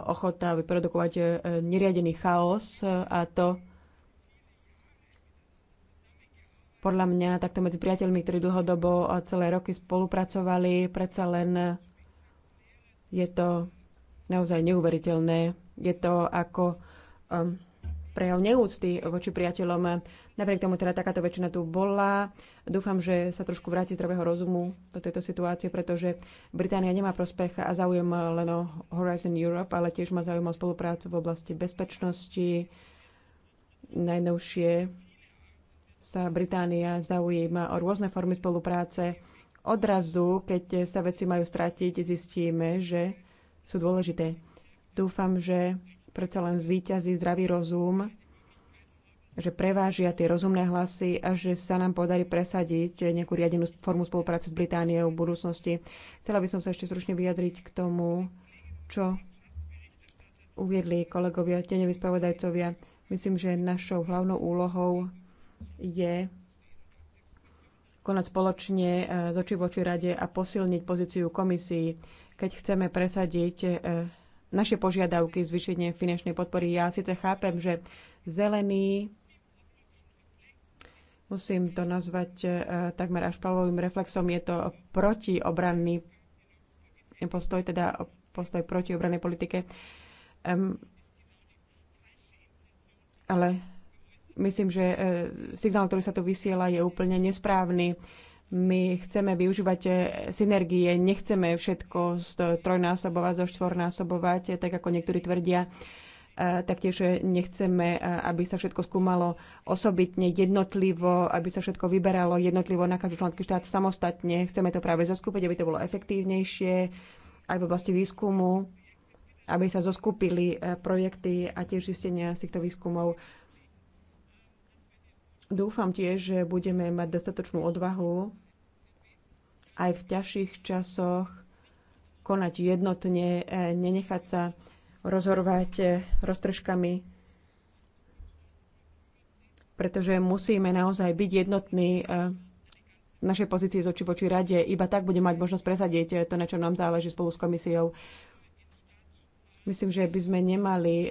ochota vyprodukovať uh, neriadený chaos uh, a to podľa mňa takto medzi priateľmi, ktorí dlhodobo celé roky spolupracovali, predsa len je to naozaj neuveriteľné je to ako um, prejav neúcty voči priateľom. Napriek tomu teda takáto väčšina tu bola. Dúfam, že sa trošku vráti zdravého rozumu do tejto situácie, pretože Británia nemá prospech a záujem len o Horizon Europe, ale tiež má záujem o spoluprácu v oblasti bezpečnosti. Najnovšie sa Británia zaujíma o rôzne formy spolupráce. Odrazu, keď sa veci majú stratiť, zistíme, že sú dôležité. Dúfam, že predsa len zvíťazí zdravý rozum, že prevážia tie rozumné hlasy a že sa nám podarí presadiť nejakú riadenú formu spolupráce s Britániou v budúcnosti. Chcela by som sa ešte stručne vyjadriť k tomu, čo uviedli kolegovia, tenevi spravodajcovia. Myslím, že našou hlavnou úlohou je konať spoločne eh, z v voči rade a posilniť pozíciu komisii, keď chceme presadiť eh, naše požiadavky zvýšenie finančnej podpory. Ja síce chápem, že zelený musím to nazvať e, takmer až palovým reflexom, je to protiobranný postoj, teda postoj proti obranej politike. Um, ale myslím, že e, signál, ktorý sa tu vysiela, je úplne nesprávny. My chceme využívať e, synergie, nechceme všetko trojnásobovať, zo štvornásobovať, e, tak ako niektorí tvrdia. E, taktiež nechceme, aby sa všetko skúmalo osobitne, jednotlivo, aby sa všetko vyberalo jednotlivo na každý členský štát samostatne. Chceme to práve zoskúpiť, aby to bolo efektívnejšie aj v oblasti výskumu, aby sa zoskupili projekty a tiež zistenia z týchto výskumov. Dúfam tiež, že budeme mať dostatočnú odvahu aj v ťažších časoch konať jednotne, e, nenechať sa rozhorovať e, roztržkami, pretože musíme naozaj byť jednotní e, v našej pozícii z oči voči rade. Iba tak bude mať možnosť presadiť to, na čo nám záleží spolu s komisiou. Myslím, že by sme nemali e,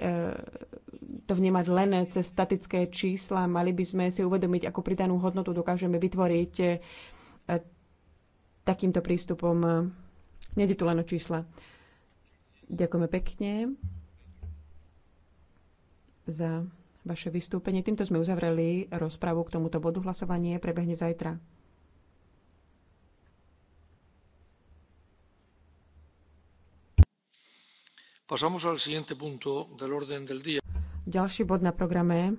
to vnímať len cez statické čísla, mali by sme si uvedomiť, akú pridanú hodnotu dokážeme vytvoriť e, takýmto prístupom. Nede tu len o čísla. Ďakujeme pekne za vaše vystúpenie. Týmto sme uzavreli rozpravu k tomuto bodu. Hlasovanie prebehne zajtra. Ďalší bod na programe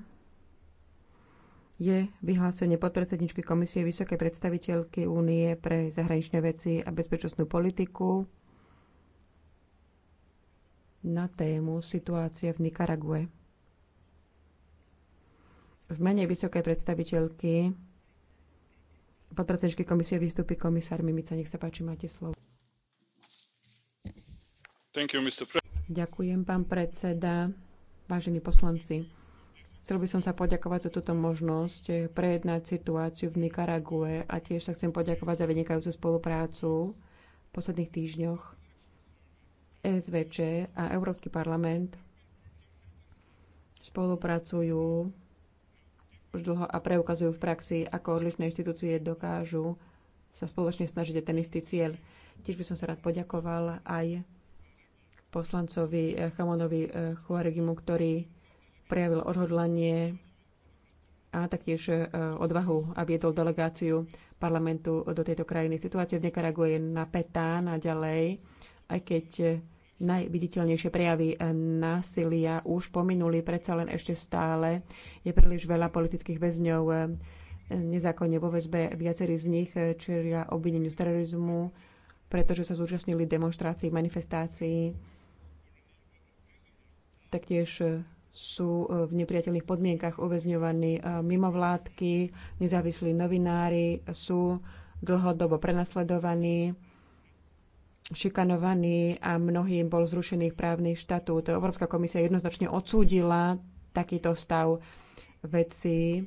je vyhlásenie podpredsedničky Komisie Vysokej predstaviteľky Únie pre zahraničné veci a bezpečnostnú politiku na tému situácia v Nikarague. V mene vysokej predstaviteľky podpredsedničky komisie vystúpi komisár Mimica. Nech sa páči, máte slovo. You, Ďakujem, pán predseda, vážení poslanci. Chcel by som sa poďakovať za túto možnosť prejednať situáciu v Nikarague a tiež sa chcem poďakovať za vynikajúcu spoluprácu v posledných týždňoch. SVČ a Európsky parlament spolupracujú už dlho a preukazujú v praxi, ako odlišné inštitúcie dokážu sa spoločne snažiť o ten istý cieľ. Tiež by som sa rád poďakoval aj poslancovi eh, Chamonovi Chuaregimu, eh, ktorý prejavil odhodlanie a taktiež eh, odvahu a viedol delegáciu parlamentu do tejto krajiny. Situácia v Nikaragu je napätá naďalej, aj keď najviditeľnejšie prejavy násilia už pominuli, predsa len ešte stále je príliš veľa politických väzňov nezákonne vo väzbe. Viacerí z nich čelia obvineniu z terorizmu, pretože sa zúčastnili demonstrácií, manifestácií Taktiež e, sú e, v nepriateľných podmienkach uväzňovaní e, mimovládky, nezávislí novinári, sú dlhodobo prenasledovaní, šikanovaní a mnohým bol zrušený právny štatút. Európska komisia jednoznačne odsúdila takýto stav veci.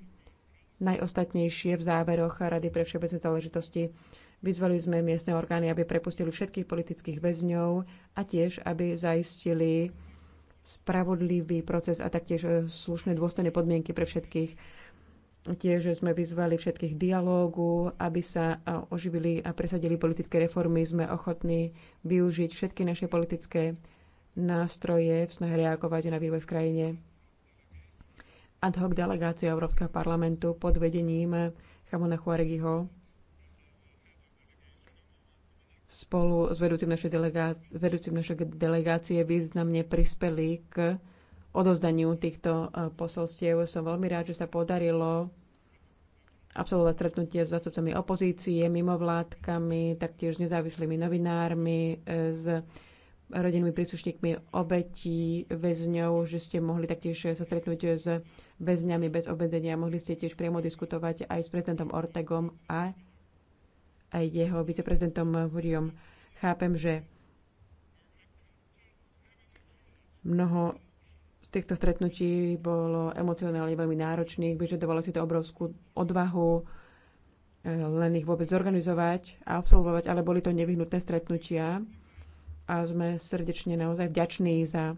Najostatnejšie v záveroch Rady pre všeobecné záležitosti vyzvali sme miestne orgány, aby prepustili všetkých politických väzňov a tiež, aby zaistili spravodlivý proces a taktiež e, slušné dôstojné podmienky pre všetkých. Tiež sme vyzvali všetkých dialógu, aby sa e, oživili a presadili politické reformy. Sme ochotní využiť všetky naše politické nástroje v snahe reagovať na vývoj v krajine. Ad hoc delegácia Európskeho parlamentu pod vedením Chamona e, Chuaregiho spolu s vedúcim našej, delegá- vedúcim našej delegácie významne prispeli k odozdaniu týchto eh, posolstiev. Som veľmi rád, že sa podarilo absolvovať stretnutie s zástupcami opozície, mimovládkami, taktiež s nezávislými novinármi, eh, s rodinnými príslušníkmi obetí, väzňov, že ste mohli taktiež sa stretnúť s väzňami bez obmedzenia. Mohli ste tiež priamo diskutovať aj s prezidentom Ortegom a aj jeho viceprezidentom Huriom. Chápem, že mnoho z týchto stretnutí bolo emocionálne veľmi náročných, vyžadovalo si to obrovskú odvahu e, len ich vôbec zorganizovať a absolvovať, ale boli to nevyhnutné stretnutia a sme srdečne naozaj vďační za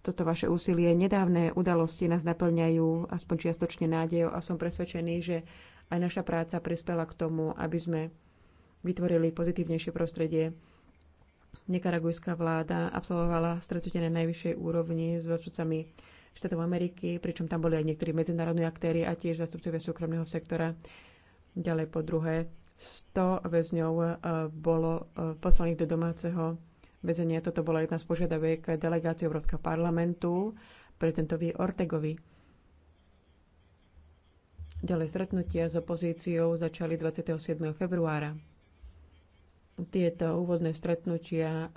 toto vaše úsilie. Nedávne udalosti nás naplňajú aspoň čiastočne nádejou a som presvedčený, že aj naša práca prispela k tomu, aby sme vytvorili pozitívnejšie prostredie. Nikaragujská vláda absolvovala stretnutie na najvyššej úrovni s zástupcami štátov Ameriky, pričom tam boli aj niektorí medzinárodní aktéry a tiež zástupcovia súkromného sektora. Ďalej po druhé, 100 väzňov eh, bolo eh, poslaných do domáceho väzenia. Toto bola jedna z požiadaviek delegácie Európskeho parlamentu prezidentovi Ortegovi. Ďalej stretnutia s opozíciou začali 27. februára. Tieto úvodné stretnutia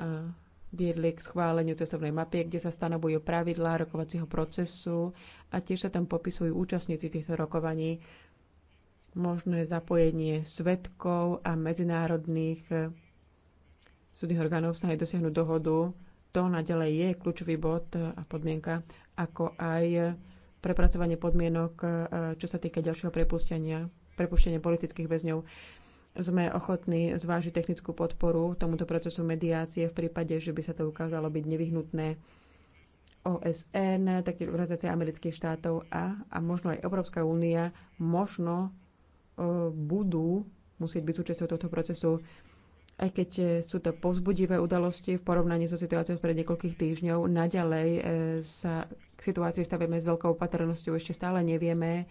viedli k schváleniu cestovnej mapy, kde sa stanovujú pravidlá rokovacieho procesu a tiež sa tam popisujú účastníci týchto rokovaní, možné zapojenie svetkov a medzinárodných e, súdnych orgánov snahy dosiahnuť dohodu. To naďalej je kľúčový bod a podmienka, ako aj prepracovanie podmienok, e, čo sa týka ďalšieho prepustenia, prepuštenia politických väzňov. Sme ochotní zvážiť technickú podporu tomuto procesu mediácie v prípade, že by sa to ukázalo byť nevyhnutné. OSN, taktiež organizácia amerických štátov a, a možno aj Európska únia možno e, budú musieť byť súčasťou tohto procesu aj keď e, sú to povzbudivé udalosti v porovnaní so situáciou pred niekoľkých týždňov, naďalej e, sa k situácii stavíme s veľkou opatrnosťou. Ešte stále nevieme,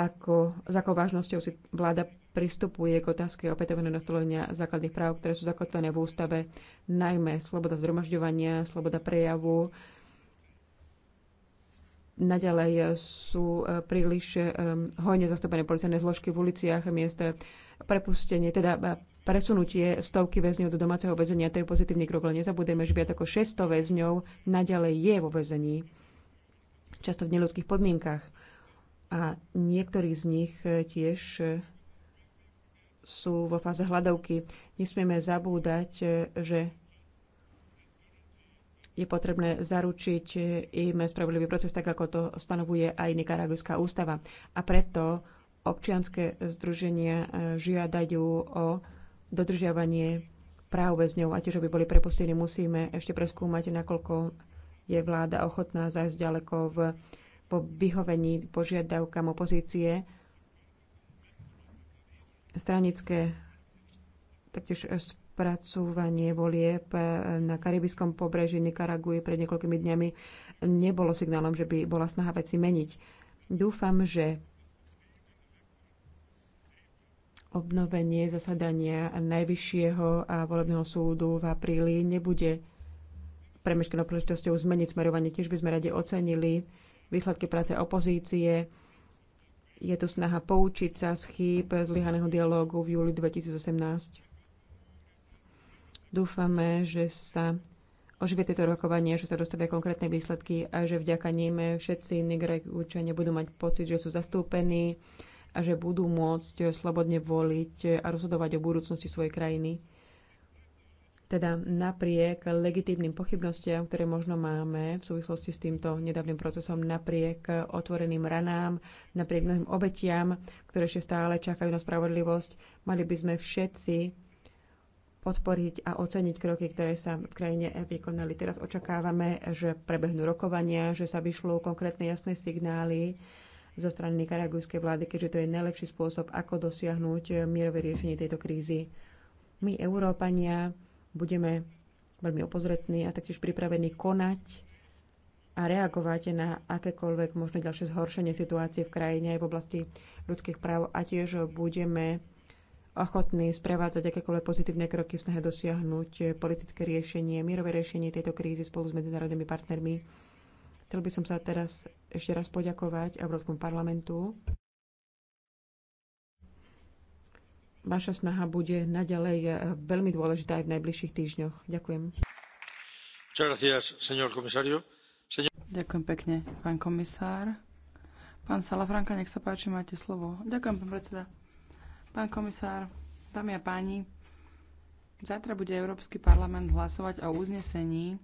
ako, s akou vážnosťou si vláda pristupuje k otázke opätovného nastolenia základných práv, ktoré sú zakotvené v ústave, najmä sloboda zhromažďovania, sloboda prejavu. Naďalej sú e, príliš hojne zastúpené policajné zložky v uliciach miestach, prepustenie, teda e, presunutie stovky väzňov do domáceho väzenia, to je pozitívny krok, ale nezabudeme, že viac ako 600 väzňov naďalej je vo väzení, často v neludských podmienkach. A niektorí z nich e, tiež e, sú vo fáze hľadovky. Nesmieme zabúdať, že je potrebné zaručiť im spravodlivý proces, tak ako to stanovuje aj Nikaragujská ústava. A preto Občianské združenia e, žiadajú o dodržiavanie práv väzňov a tiež, aby boli prepustení, musíme ešte preskúmať, nakoľko je vláda ochotná zajsť ďaleko v, po vyhovení požiadavkám opozície. Stranické taktiež spracúvanie volieb na karibiskom pobreží Nikaraguje pred niekoľkými dňami nebolo signálom, že by bola snaha veci meniť. Dúfam, že obnovenie zasadania Najvyššieho a volebného súdu v apríli nebude premeškanou príležitosťou zmeniť smerovanie. Tiež by sme radi ocenili výsledky práce opozície. Je tu snaha poučiť sa z chýb zlyhaného dialógu v júli 2018. Dúfame, že sa oživie tieto rokovanie, že sa dostavia konkrétne výsledky a že vďaka ním všetci účania budú mať pocit, že sú zastúpení a že budú môcť slobodne voliť a rozhodovať o budúcnosti svojej krajiny. Teda napriek legitímnym pochybnostiam, ktoré možno máme v súvislosti s týmto nedávnym procesom, napriek otvoreným ranám, napriek mnohým obetiam, ktoré ešte stále čakajú na spravodlivosť, mali by sme všetci podporiť a oceniť kroky, ktoré sa v krajine e vykonali. Teraz očakávame, že prebehnú rokovania, že sa vyšlo konkrétne jasné signály zo strany nikaragujskej vlády, keďže to je najlepší spôsob, ako dosiahnuť mierové riešenie tejto krízy. My, Európania, budeme veľmi opozretní a taktiež pripravení konať a reagovať na akékoľvek možné ďalšie zhoršenie situácie v krajine aj v oblasti ľudských práv a tiež budeme ochotní sprevádzať akékoľvek pozitívne kroky v snahe dosiahnuť politické riešenie, mierové riešenie tejto krízy spolu s medzinárodnými partnermi. Chcel by som sa teraz ešte raz poďakovať Európskom parlamentu. Vaša snaha bude naďalej eh, veľmi dôležitá aj v najbližších týždňoch. Ďakujem. Ďakujem pekne, pán komisár. Pán Salafranka, nech sa páči, máte slovo. Ďakujem, pán predseda. Pán komisár, dámy a páni, zajtra bude Európsky parlament hlasovať o uznesení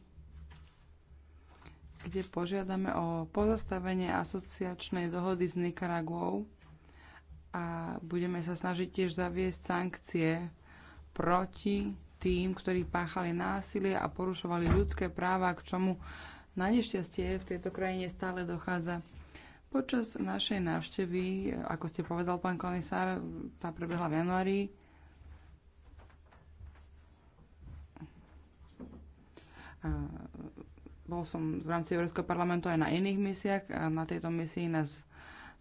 kde požiadame o pozastavenie asociačnej dohody s Nikaraguou a budeme sa snažiť tiež zaviesť sankcie proti tým, ktorí páchali násilie a porušovali ľudské práva, k čomu na nešťastie v tejto krajine stále dochádza. Počas našej návštevy, ako ste povedal, pán komisár, tá prebehla v januári, bol som v rámci Európskeho parlamentu aj na iných misiách a na tejto misii nás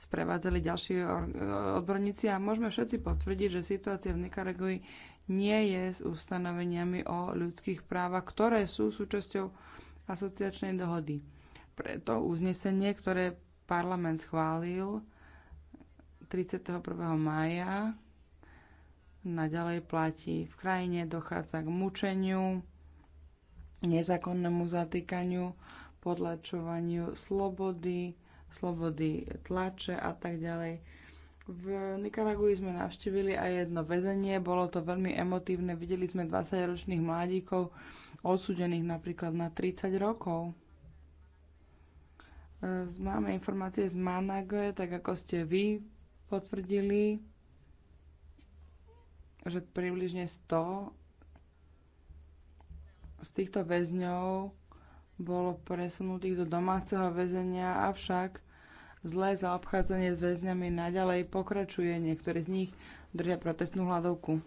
sprevádzali ďalší odborníci a môžeme všetci potvrdiť, že situácia v Nikaragui nie je s ustanoveniami o ľudských právach, ktoré sú súčasťou asociačnej dohody. Preto uznesenie, ktoré parlament schválil 31. mája, naďalej platí. V krajine dochádza k mučeniu, nezákonnému zatýkaniu, podlačovaniu slobody, slobody tlače a tak ďalej. V Nikaragui sme navštívili aj jedno väzenie, bolo to veľmi emotívne. Videli sme 20-ročných mladíkov, odsúdených napríklad na 30 rokov. E, máme informácie z Managoje, tak ako ste vy potvrdili, že približne 100 z týchto väzňov bolo presunutých do domáceho väzenia, avšak zlé zaobchádzanie s väzňami naďalej pokračuje. Niektorí z nich držia protestnú hladovku.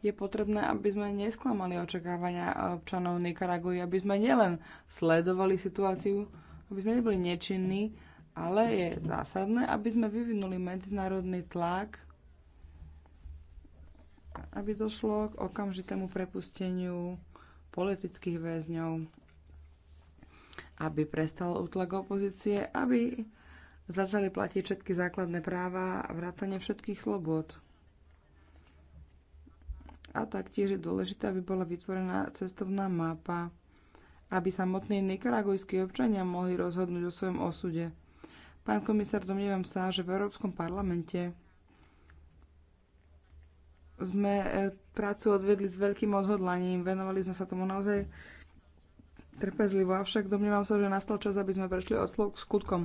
Je potrebné, aby sme nesklamali očakávania občanov Nikaraguji, aby sme nielen sledovali situáciu, aby sme neboli nečinní, ale je zásadné, aby sme vyvinuli medzinárodný tlak aby došlo k okamžitému prepusteniu politických väzňov, aby prestal útlak opozície, aby začali platiť všetky základné práva a vrátanie všetkých slobod. A taktiež je dôležité, aby bola vytvorená cestovná mapa, aby samotní nikaragujskí občania mohli rozhodnúť o svojom osude. Pán komisár, domnievam sa, že v Európskom parlamente sme e, prácu odvedli s veľkým odhodlaním, venovali sme sa tomu naozaj trpezlivo, avšak domnievam sa, že nastal čas, aby sme prešli od slov k skutkom.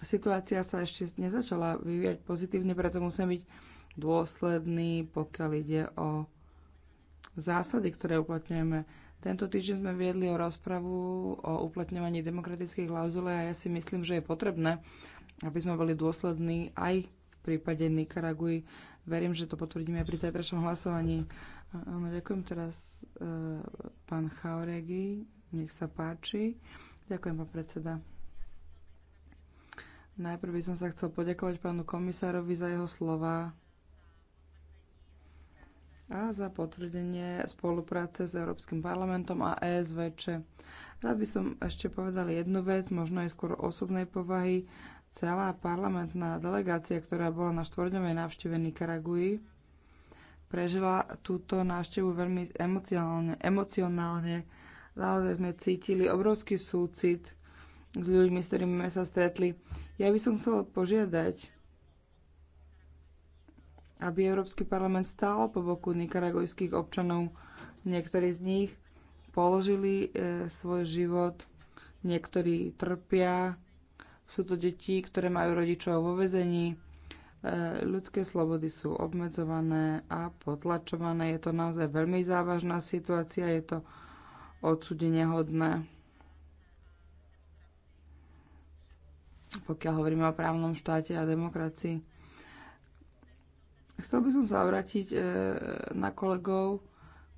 Situácia sa ešte nezačala vyvíjať pozitívne, preto musím byť dôsledný, pokiaľ ide o zásady, ktoré uplatňujeme. Tento týždeň sme viedli o rozpravu o uplatňovaní demokratických klauzule a ja si myslím, že je potrebné, aby sme boli dôslední aj v prípade Nikaraguj. Verím, že to potvrdíme aj pri zajtrašom hlasovaní. Áno, ďakujem teraz e, pán Chauregi, nech sa páči. Ďakujem, pán predseda. Najprv by som sa chcel poďakovať pánu komisárovi za jeho slova a za potvrdenie spolupráce s Európskym parlamentom a ESVČ. Rád by som ešte povedal jednu vec, možno aj skôr osobnej povahy celá parlamentná delegácia, ktorá bola na štvorňovej návšteve Nikaragui, prežila túto návštevu veľmi emocionálne. emocionálne. Naozaj sme cítili obrovský súcit s ľuďmi, s ktorými sme sa stretli. Ja by som chcela požiadať, aby Európsky parlament stál po boku nikaragojských občanov. Niektorí z nich položili e, svoj život, niektorí trpia, sú to deti, ktoré majú rodičov vo vezení. E, ľudské slobody sú obmedzované a potlačované. Je to naozaj veľmi závažná situácia, je to odsudenie hodné. Pokiaľ hovoríme o právnom štáte a demokracii. Chcel by som sa obrátiť e, na kolegov,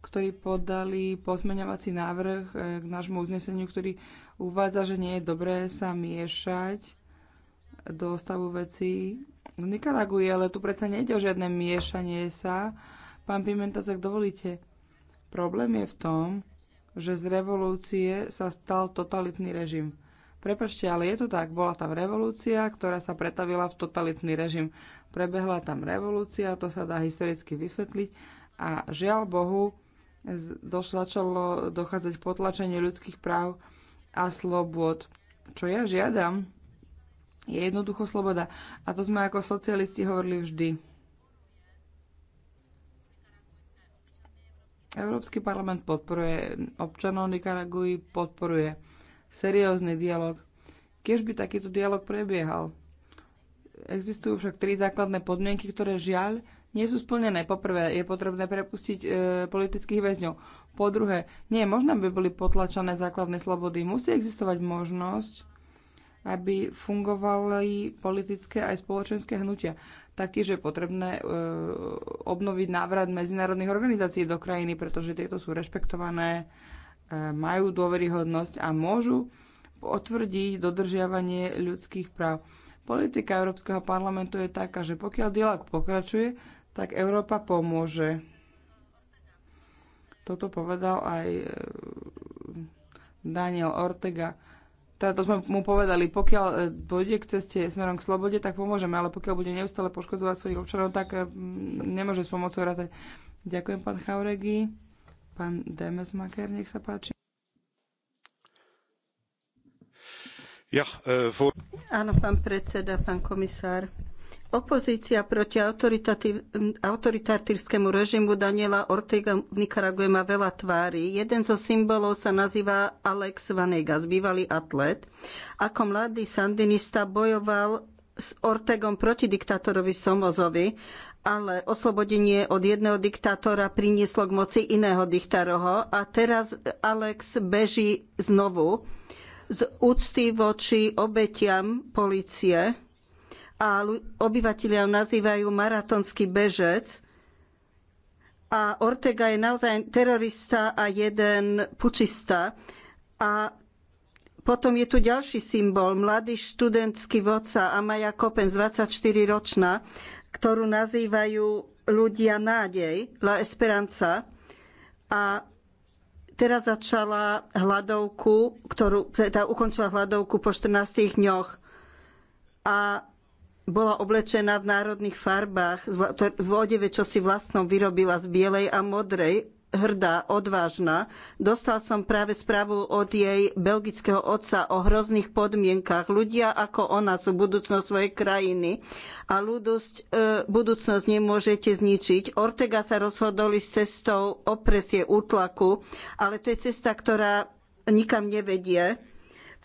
ktorí podali pozmeňovací návrh e, k nášmu uzneseniu, ktorý uvádza, že nie je dobré sa miešať do stavu vecí v Nikaragui, ale tu predsa nejde o žiadne miešanie sa. Pán Pimenta, tak dovolíte, problém je v tom, že z revolúcie sa stal totalitný režim. Prepačte, ale je to tak. Bola tam revolúcia, ktorá sa pretavila v totalitný režim. Prebehla tam revolúcia, to sa dá historicky vysvetliť. A žiaľ Bohu, došlo, začalo dochádzať potlačenie ľudských práv a slobod. Čo ja žiadam, je jednoducho sloboda. A to sme ako socialisti hovorili vždy. Európsky parlament podporuje občanov Nikaragui podporuje seriózny dialog. Kiež by takýto dialog prebiehal. Existujú však tri základné podmienky, ktoré žiaľ nie sú splnené. Poprvé, je potrebné prepustiť e, politických väzňov. Po druhé, nie je možné, aby boli potlačené základné slobody. Musí existovať možnosť, aby fungovali politické aj spoločenské hnutia. Taktiež je potrebné e, obnoviť návrat medzinárodných organizácií do krajiny, pretože tieto sú rešpektované, e, majú dôveryhodnosť a môžu potvrdiť dodržiavanie ľudských práv. Politika Európskeho parlamentu je taká, že pokiaľ dialog pokračuje, tak Európa pomôže. Toto povedal aj e, Daniel Ortega. Teda to sme mu povedali, pokiaľ e, dojde k ceste smerom k slobode, tak pomôžeme, ale pokiaľ bude neustále poškodzovať svojich občanov, tak e, nemôže s pomocou rátať. Ďakujem, pán Chauregi. Pán Demesmaker, nech sa páči. Ja, e, for... Áno, pán predseda, pán komisár. Opozícia proti autoritatívskému režimu Daniela Ortega v Nikarague má veľa tvári. Jeden zo symbolov sa nazýva Alex Vanegas, bývalý atlet. Ako mladý sandinista bojoval s Ortegom proti diktátorovi Somozovi, ale oslobodenie od jedného diktátora prinieslo k moci iného diktároho a teraz Alex beží znovu z úcty voči obetiam policie a obyvateľia nazývajú maratonský bežec. A Ortega je naozaj terorista a jeden pučista. A potom je tu ďalší symbol, mladý študentský vodca Amaja Kopen, 24-ročná, ktorú nazývajú ľudia nádej, La Esperanza. A teraz začala hladovku, ktorú, teda ukončila hladovku po 14 dňoch. A bola oblečená v národných farbách, v odeve, čo si vlastnou vyrobila z bielej a modrej, hrdá, odvážna. Dostal som práve správu od jej belgického otca o hrozných podmienkach. Ľudia ako ona sú budúcnosť svojej krajiny a ľudosť, e, budúcnosť nemôžete zničiť. Ortega sa rozhodol s cestou opresie útlaku, ale to je cesta, ktorá nikam nevedie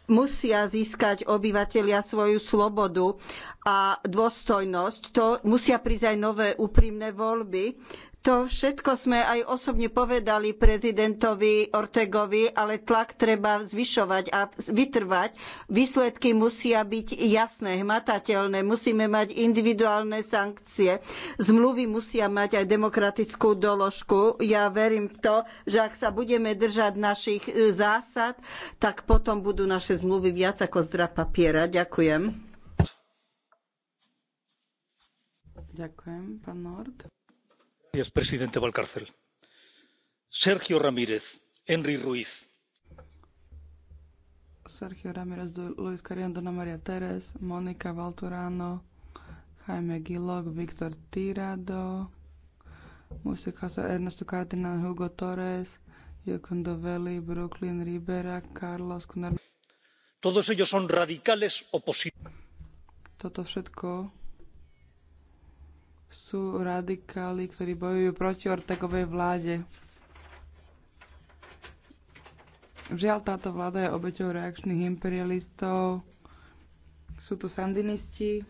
musia získať obyvatelia svoju slobodu a dôstojnosť. To musia prísť aj nové úprimné voľby. To všetko sme aj osobne povedali prezidentovi Ortegovi, ale tlak treba zvyšovať a vytrvať. Výsledky musia byť jasné, hmatateľné, musíme mať individuálne sankcie, zmluvy musia mať aj demokratickú doložku. Ja verím v to, že ak sa budeme držať našich e, zásad, tak potom budú naše zmluvy viac ako zdra papiera. Ďakujem. Ďakujem, pán Nord señor presidente valcárcel sergio ramírez henry ruiz Sergio Ramírez, Luis Carrión, Dona María Teres, Mónica Valturano, Jaime Gilog, Víctor Tirado, Música Ernesto Cardinal, Hugo Torres, Yocondo Valley, Brooklyn Rivera, Carlos Kuner. Todos ellos son radicales opositores. Toto všetko sú radikáli, ktorí bojujú proti Ortegovej vláde. Žiaľ, táto vláda je obeťou reakčných imperialistov. Sú tu sandinisti,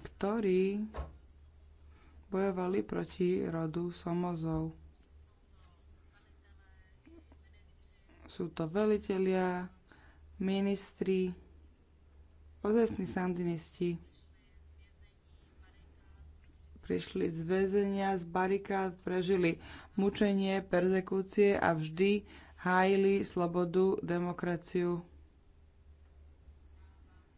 ktorí bojovali proti rodu Somozov. Sú to velitelia, ministri, Ozajstní sandinisti prišli z väzenia, z barikád, prežili mučenie, perzekúcie a vždy hájili slobodu, demokraciu